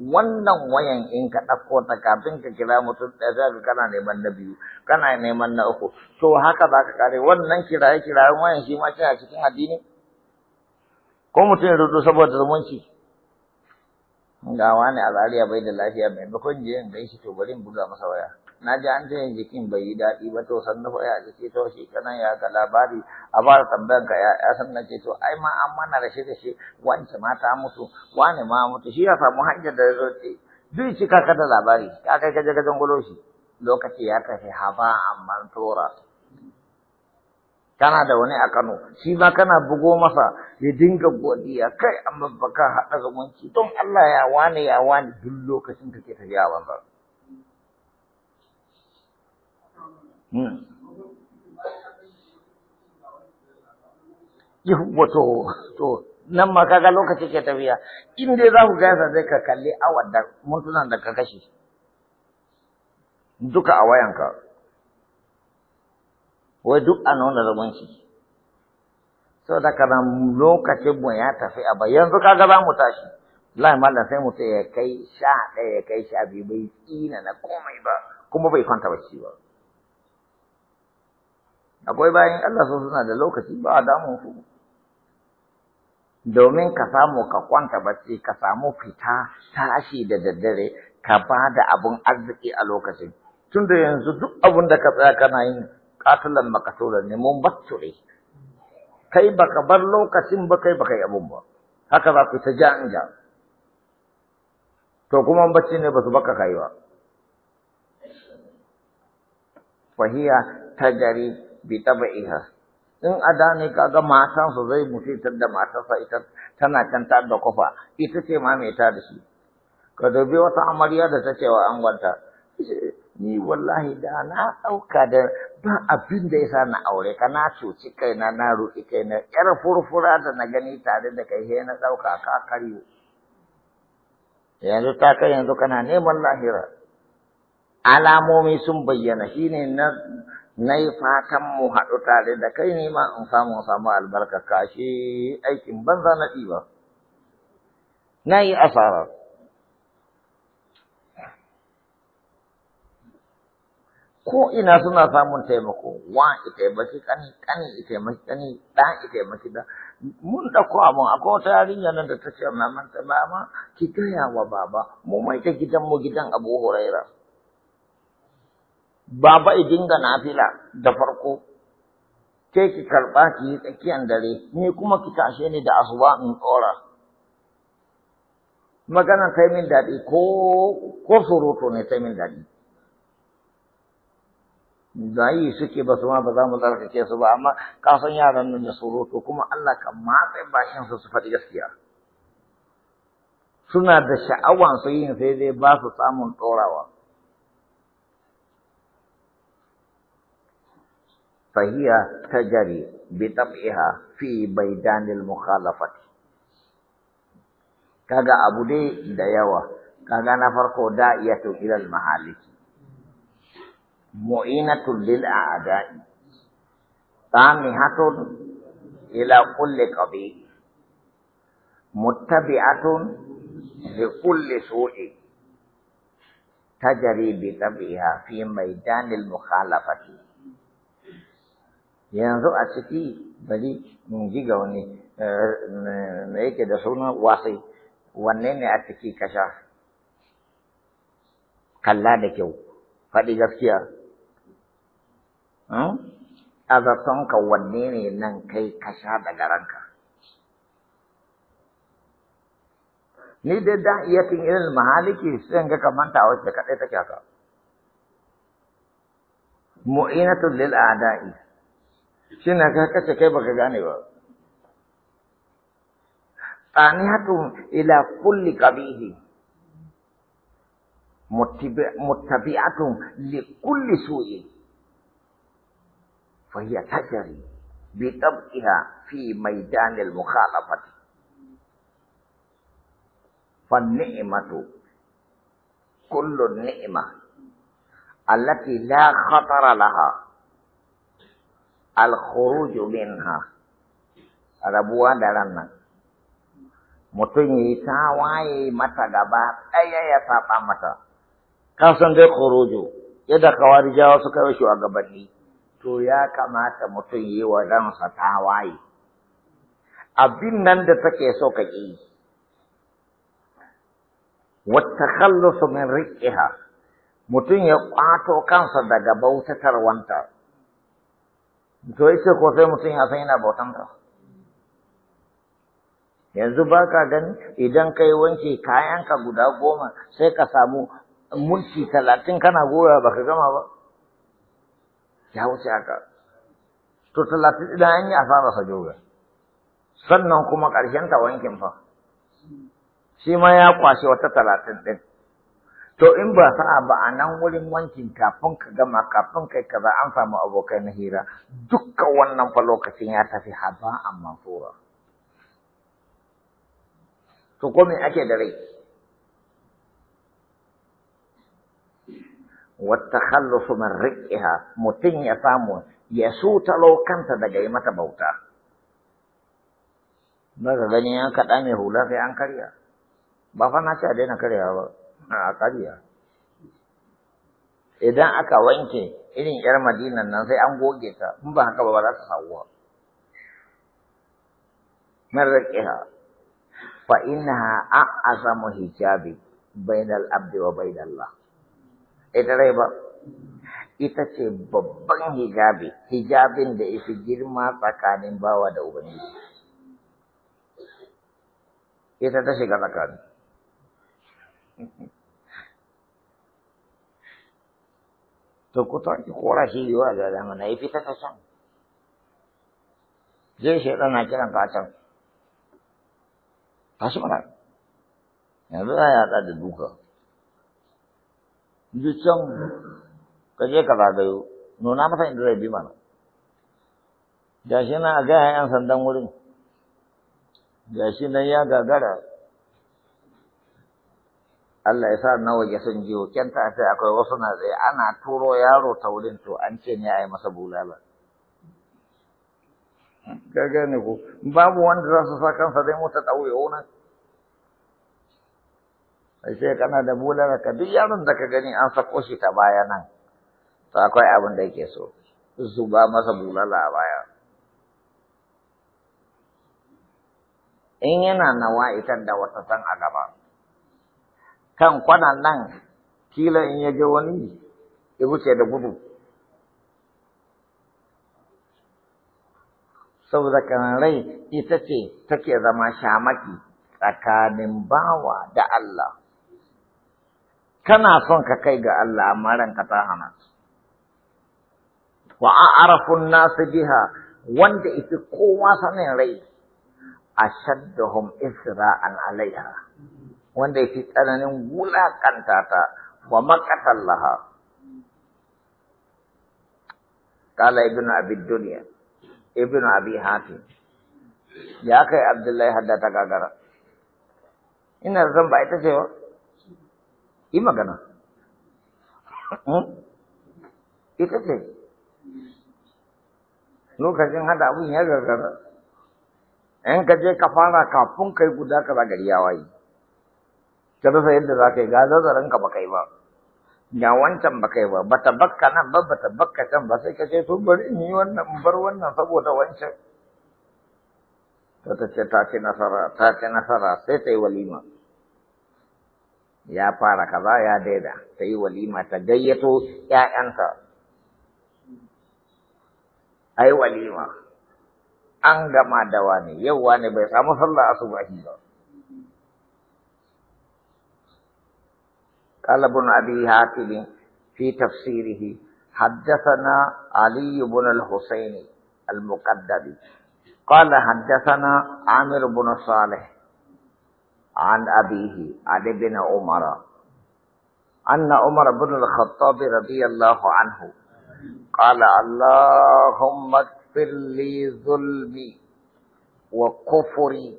wannan wayan in ka ɗauko ta kafin ka kira mutum ɗaya za ka kana neman na biyu kana neman na uku to haka za ka kare wannan kiraye kirayen wayan shi ma kina cikin addini ko mutum ya rudu saboda zumunci Gawa ne a zariya bai da lafiya maimakon je in gaishe to bari in buga masa waya na ji an ce jikin bai yi daɗi ba to san nufa ya jiki to shi kana ya ga labari a fara tambayar ka ya ya san nace to ai ma an mana rashe da shi wance ma ta mutu wane ma mutu shi ya samu hanyar da zo ce duk shi ka da labari ka kai ka jaga ka shi lokaci ya tafi ba amma tora kana da wani a Kano shi ma kana bugo masa ya dinga godiya kai amma baka haɗa zumunci don Allah ya wane ya wane duk lokacin kake tafiya banza. Hmm. Yahuwa to, to, nan ma kaga lokaci ke tafiya, in za ku gaisa zai ka kalli awar da mutunan da ka kashe, duka a wayanka, wai duk a nuna zamanci. Sau da kana lokacin mu ya tafi a bayan yanzu ga za mu tashi, lai mallan sai mu ya kai sha ɗaya ya kai sha biyu bai tsina na komai ba, kuma bai kwanta bacci ba. akwai bayan Allah sun suna da lokaci ba a damu su domin ka samu ka kwanta bacci ka samu fita tashi da daddare ka ba da abun arziki a lokacin tunda yanzu duk abin da ka tsaya kana yin katulan makatulan ne mun batture kai baka bar lokacin ba kai baka yi abin ba haka za ku ta ja in ja to kuma bacci ne ba su baka kai ba fahiya ta gari bi taba'iha in ada ne kaga su zai tunda da matarsa ita tana ta da kofa ita ce ma mai ta da shi ka dubi wata amarya da ta cewa an gwanta ni wallahi da na ɗauka da ba abin da yasa na aure ka na cuci kaina na kai kaina Yar furfura da na gani tare da kai he na ɗauka ka karyo yanzu ta kai yanzu kana neman lahira alamomi sun bayyana shine na na yi fatan mu haɗu tare da kai ne ma in samu samu albarka kashe aikin banza na ɗiba. Na yi asara. Ko ina suna samun taimako, wa ita taimaki kani, kani ita taimaki kani, da ita taimaki da. Mun ɗauko abun, akwai wata yarinya nan da ta ce mama ta mama, ki gaya wa baba, mu mai ta gidan mu gidan Abu Huraira. baba Idinga dinga nafila da farko ke ki karɓa ki yi tsakiyar dare ni kuma ki tashe ni da asuba in tsora maganan ta min daɗi ko ko surutu ne ta min daɗi yi suke ba su ma ba za mu tsarkake su ba amma kasan yaran nan da surutu kuma Allah ka matsa bashin su su faɗi gaskiya suna da sha'awan su yin sai dai ba su samun ɗorawa فهي تجري بطبعها في ميدان المخالفة كاغا أبو دي دياوة كاغا نفرقو داعية إلى المحالك مؤينة للأعداء طامحة إلى كل قبيل متبعة لكل سوء تجري بطبعها في ميدان المخالفة yanzu a ciki bari mun ji ga wani eh, me yake da suna wasai wanne ne a ciki kasha kalla da kyau faɗi gaskiya hmm? a ka wanne ne nan kai kasha daga ranka ni dai da iya tin irin mahaliki sai ga kamanta wacce kadai take haka mu'inatul lil a'da'i shi na ka kace kai baka gane ba tsanihatun ila kulli qabihi muttabi'atun li kulli su'in fa hiya tajri bi tabqiha fi maidanil mukhalafati fa ni'matu kullu ni'mah التي لا خطر لها al-khuruju minha rabuwa da ran nak mutun yi tawaye mata gaba ɗaya eh, ya saba mata Ka san dai khuruju yadda kawarijawa suka yi ni. to ya kamata mutum yi wa ransa tawaye abin nan da take so ka ƙi wata min riƙiha mutum ya ƙwato kansa daga wanta. to yace ko sai mutum ya san yana bautan ka yanzu ba ka gani idan kai wanke kayanka guda goma sai ka samu mulki talatin kana goya baka gama ba ya wuce haka to talatin idan an yi asara sa joga sannan kuma karshen ta wankin fa shi ma ya kwashe wata talatin ɗin To in ba sa'a ba a nan wurin wankin kafin ka gama kafin kai ka za an samu abokai na hira dukkan wannan fa lokacin ya tafi haba amma tsora. To ko me ake da rai? Wata khallusu min riqiha mutum ya samu ya sutalo kanta daga yi mata bauta. Ba ka gani an kaɗa mai hula sai an karya. Ba fa na ce a daina karyawa ba. a ƙarya idan aka wanke irin yar madinan nan sai an goge ta in ba haka ba ba za ta sauwa man raqiha fa a a'zamu hijabi bainal abdi wa bainallah ita rai ba ita ce babban hijabi hijabin da ifi girma tsakanin bawa da ubangiji ita ta shiga tsakani to ku ki kora shi yiwa ga dama na yi fita ta can zai shi ɗana kiran ka can ta shi mana yanzu za ya haɗa da duka Ji can ka je ka zagayo nuna masa inda zai bi mana gashi na a gaya 'yan sandan wurin gashi nan ya gagara Allah ya sa na waje sun jiwo kenta a sai akwai wasu na zai ana turo yaro ta wurin to an ce ne a yi masa bulala. Ka gane ku. babu wanda za su sa kansa zai mota ɗaure wuna. Sai kana da bulala ka duk yaron da ka gani an sako shi ta baya nan. To akwai abin da yake so. ba masa bulala a baya. In yana nawa itar da wata san a gaba. kan kwanan nan kila in ya ga wani ya wuce da gudu saboda rai ita ce take zama shamaki tsakanin bawa da Allah kana son ka kai ga Allah amma ranka ta hana wa a'rafun nasu biha wanda ita kowa sanin rai a shaddahum isra'an alaiha wanda ya tsananin wulakanta ta wa makatan laha. Kala Ibn Abi Duniya, Ibn Abi Hatim, ya kai Abdullahi haddata gagara. Ina zan ba ita cewa, yi magana. Hmm? Ita ce, lokacin hada abin ya gagara, Yan ka je ka fara kafin kai guda ka gari ya waye. ka rasa yadda za ka yi ga zazzaranka ba kai ba ya wancan ba kai ba ba ta bakka nan ba ba ta bakka can ba sai ka ce to bari in yi wannan bar wannan saboda wancan ta ce ta ce nasara ta ce nasara sai ta yi walima ya fara kaza ya daida ta yi walima ta gayyato ƴaƴanta ai walima an gama da wani yau wani bai samu sallah asubahi ba قال ابن أبي هاتم في تفسيره حدثنا علي بن الحسين المقدبي قال حدثنا عامر بن صالح عن أبيه عن ابن عمر أن عمر بن الخطاب رضي الله عنه قال اللهم اغفر لي ظلمي وكفري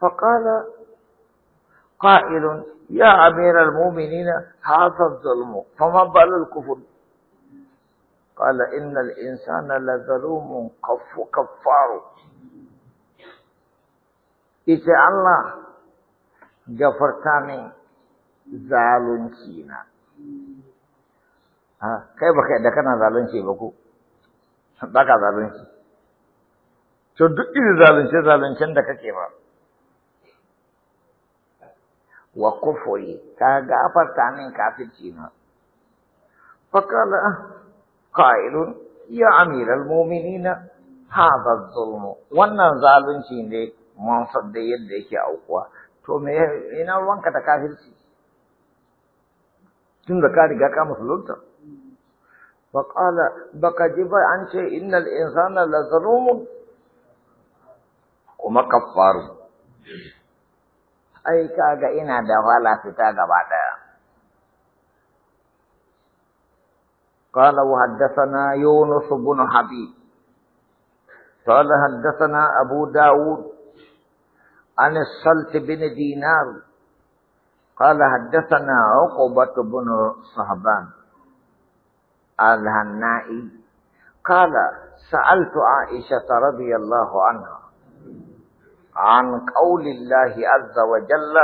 فقال قائل يا أمير المؤمنين هذا الظلم فما بال الكفر قال إن الإنسان لظلوم قف كفار إذا الله غفرتاني زالون سينا ها كيف بكي دكنا زالون سي بكو دكا زالون سي تدقي زالون سي زالون سي دكا كيما وكفري تغافر تاني كافر جينا فقال قائل يا امير المؤمنين هذا الظلم وانا ظالم جين دي منصد دي يدكي اوقوا تو انا وان كتا كافر جين تن بكاري غاكا مسلوطا فقال بقى جبا انشي ان الانسان لظلوم وما كفار ai kaga ina da wala fita gaba daya قال وحدثنا يونس بن حبيب قال حدثنا أبو داود عن السلت بن دينار قال حدثنا عقبة بن صهبان الهنائي قال سألت عائشة رضي الله عنها عن قول الله عز وجل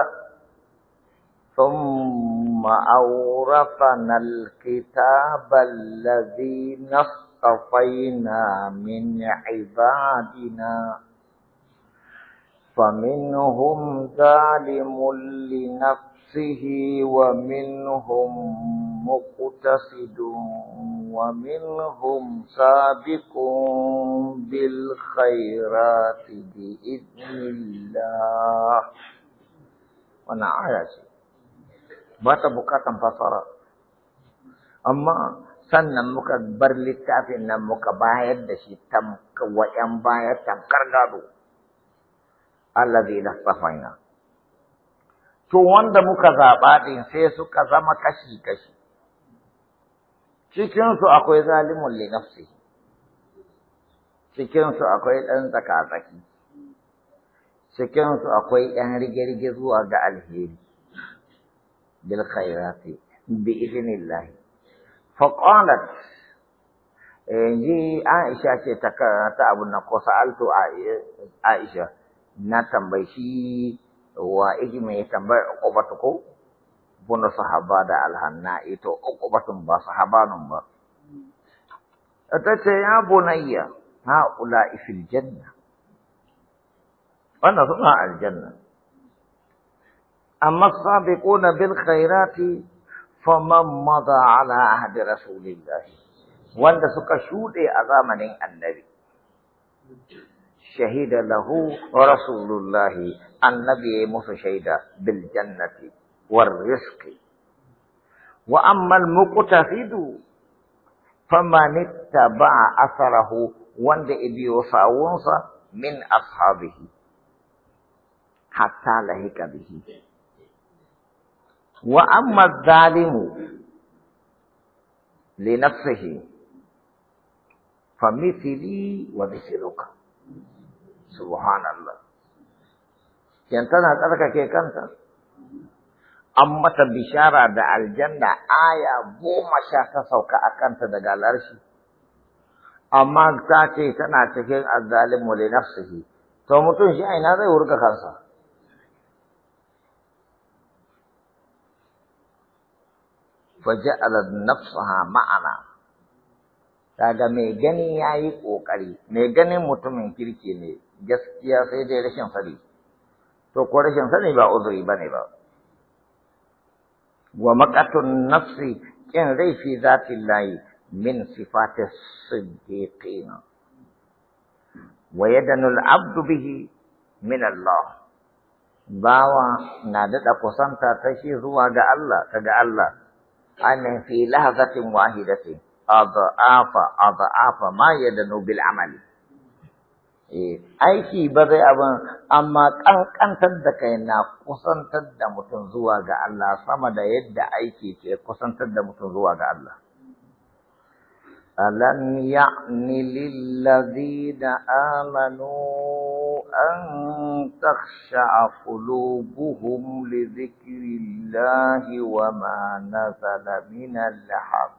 ثم أورثنا الكتاب الذين اصطفينا من عبادنا فمنهم ظالم لنفسه ومنهم مقتصد ومنهم سابق بالخيرات بإذن الله wannan aya ce ba ta bukatan amma sannan muka bar littafin nan muka bayar da shi wa ‘yan baya tamkar gado allazi na safanya to wanda muka zaɓa ɗin sai suka zama kashi-kashi cikinsu akwai zalimun li cikin cikinsu akwai ɗan tsakatsaki cikinsu akwai ɗan rige-rige zuwa ga alheri bil khairati bi idnillah fa qalat Aisha ce ta karanta abun na kusa sa'altu Aisha na tambayi wa ijmi tambaya ko bin sahaba da alhanna'i to uqubatun ba sahaba nun ba ta ce ya bunayya ha ha'ula'i fil janna wannan suna aljanna amma sabiquna bil khairati faman mada ala ahdi rasulillah wanda suka shude a zamanin annabi shahida lahu rasulullahi annabi ya musu shaida bil jannati والرزق وأما المقتصد فمن اتبع أثره وند إبي من أصحابه حتى لهك به وأما الظالم لنفسه فمثلي ومثلك سبحان الله ينتنى أتركك كنت an mata bishara da aljanna aya goma sha ta sauka a kanta daga larshi amma ta ce tana cikin azzalimu li nafsihi to mutum shi aina zai wurga kansa faja'alat nafsaha ma'ana daga mai gani ya yi kokari mai ganin mutumin kirki ne gaskiya sai dai rashin sani to ko rashin sani ba uzuri ba, ne ba. ومقت النفس كن ري في ذات الله من صفات الصديقين ويدن العبد به من الله باوا نادت أقسم تاتشي هو أجا الله أجا الله أن في لحظة واحدة أضعاف أضعاف ما يدن بالعمل Eh aiki ba zai abin amma ƙanƙantar da kai na kusantar da mutum zuwa ga Allah sama da yadda aiki ke kusantar da mutum zuwa ga Allah. ألم يعن للذين آمنوا أن تخشع قلوبهم لذكر الله وما نزل من الحق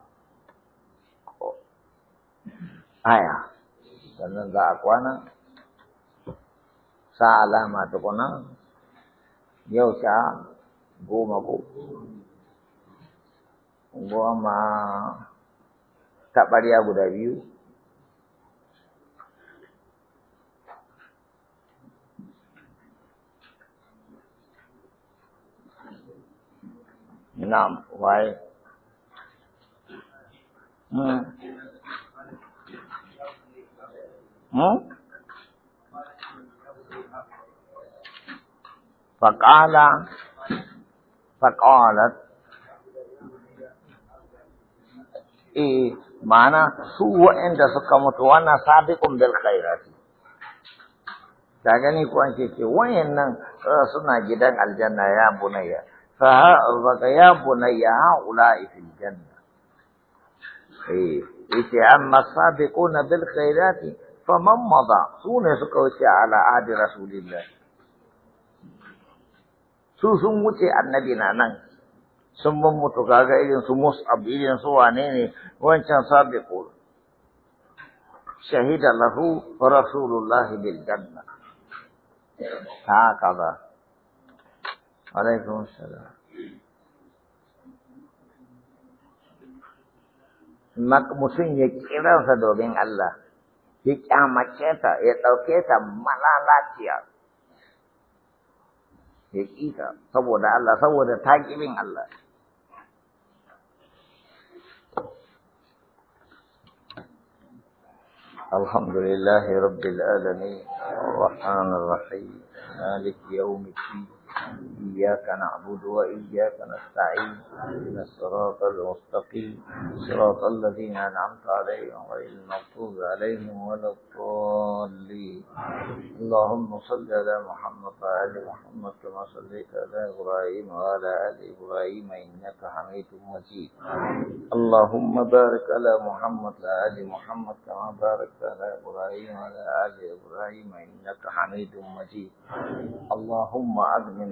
آية sannan za sa alama tukuna yau sha goma ko goma taɓarya guda biyu Na'am, waye. Hmm. Hmm? فقال فقالت إيه معنى سوء عند سكمت وانا سابق بالخيرات تاغني كون كي وين سنا جدان الجنة يا بني فها يا بني هؤلاء في الجنة إيه إيه أما السابقون بالخيرات فمن مضى سونا سكوتي على عهد رسول الله su sun wuce annabi na nan sun ban mutu kaga irin su mus'ab irin su wane ne wancan sabiqu shahida lahu rasulullah bil janna ha kaza alaikum salam mutum ya kiransa domin Allah ya kyamace ta ya dauke ta malalaciya ya kita saboda Allah saboda taƙibin Allah الحمد لله رب العالمين الرحمن الرحيم مالك يوم الدين إياك نعبد وإياك نستعين إن الصراط المستقيم صراط الذين أنعمت عليهم غير المغضوب عليهم ولا الضالين اللهم صل على محمد وعلى محمد كما صليت على إبراهيم وعلى آل إبراهيم إنك حميد مجيد اللهم بارك على محمد وعلى محمد كما باركت على إبراهيم وعلى آل إبراهيم إنك حميد مجيد اللهم أدمن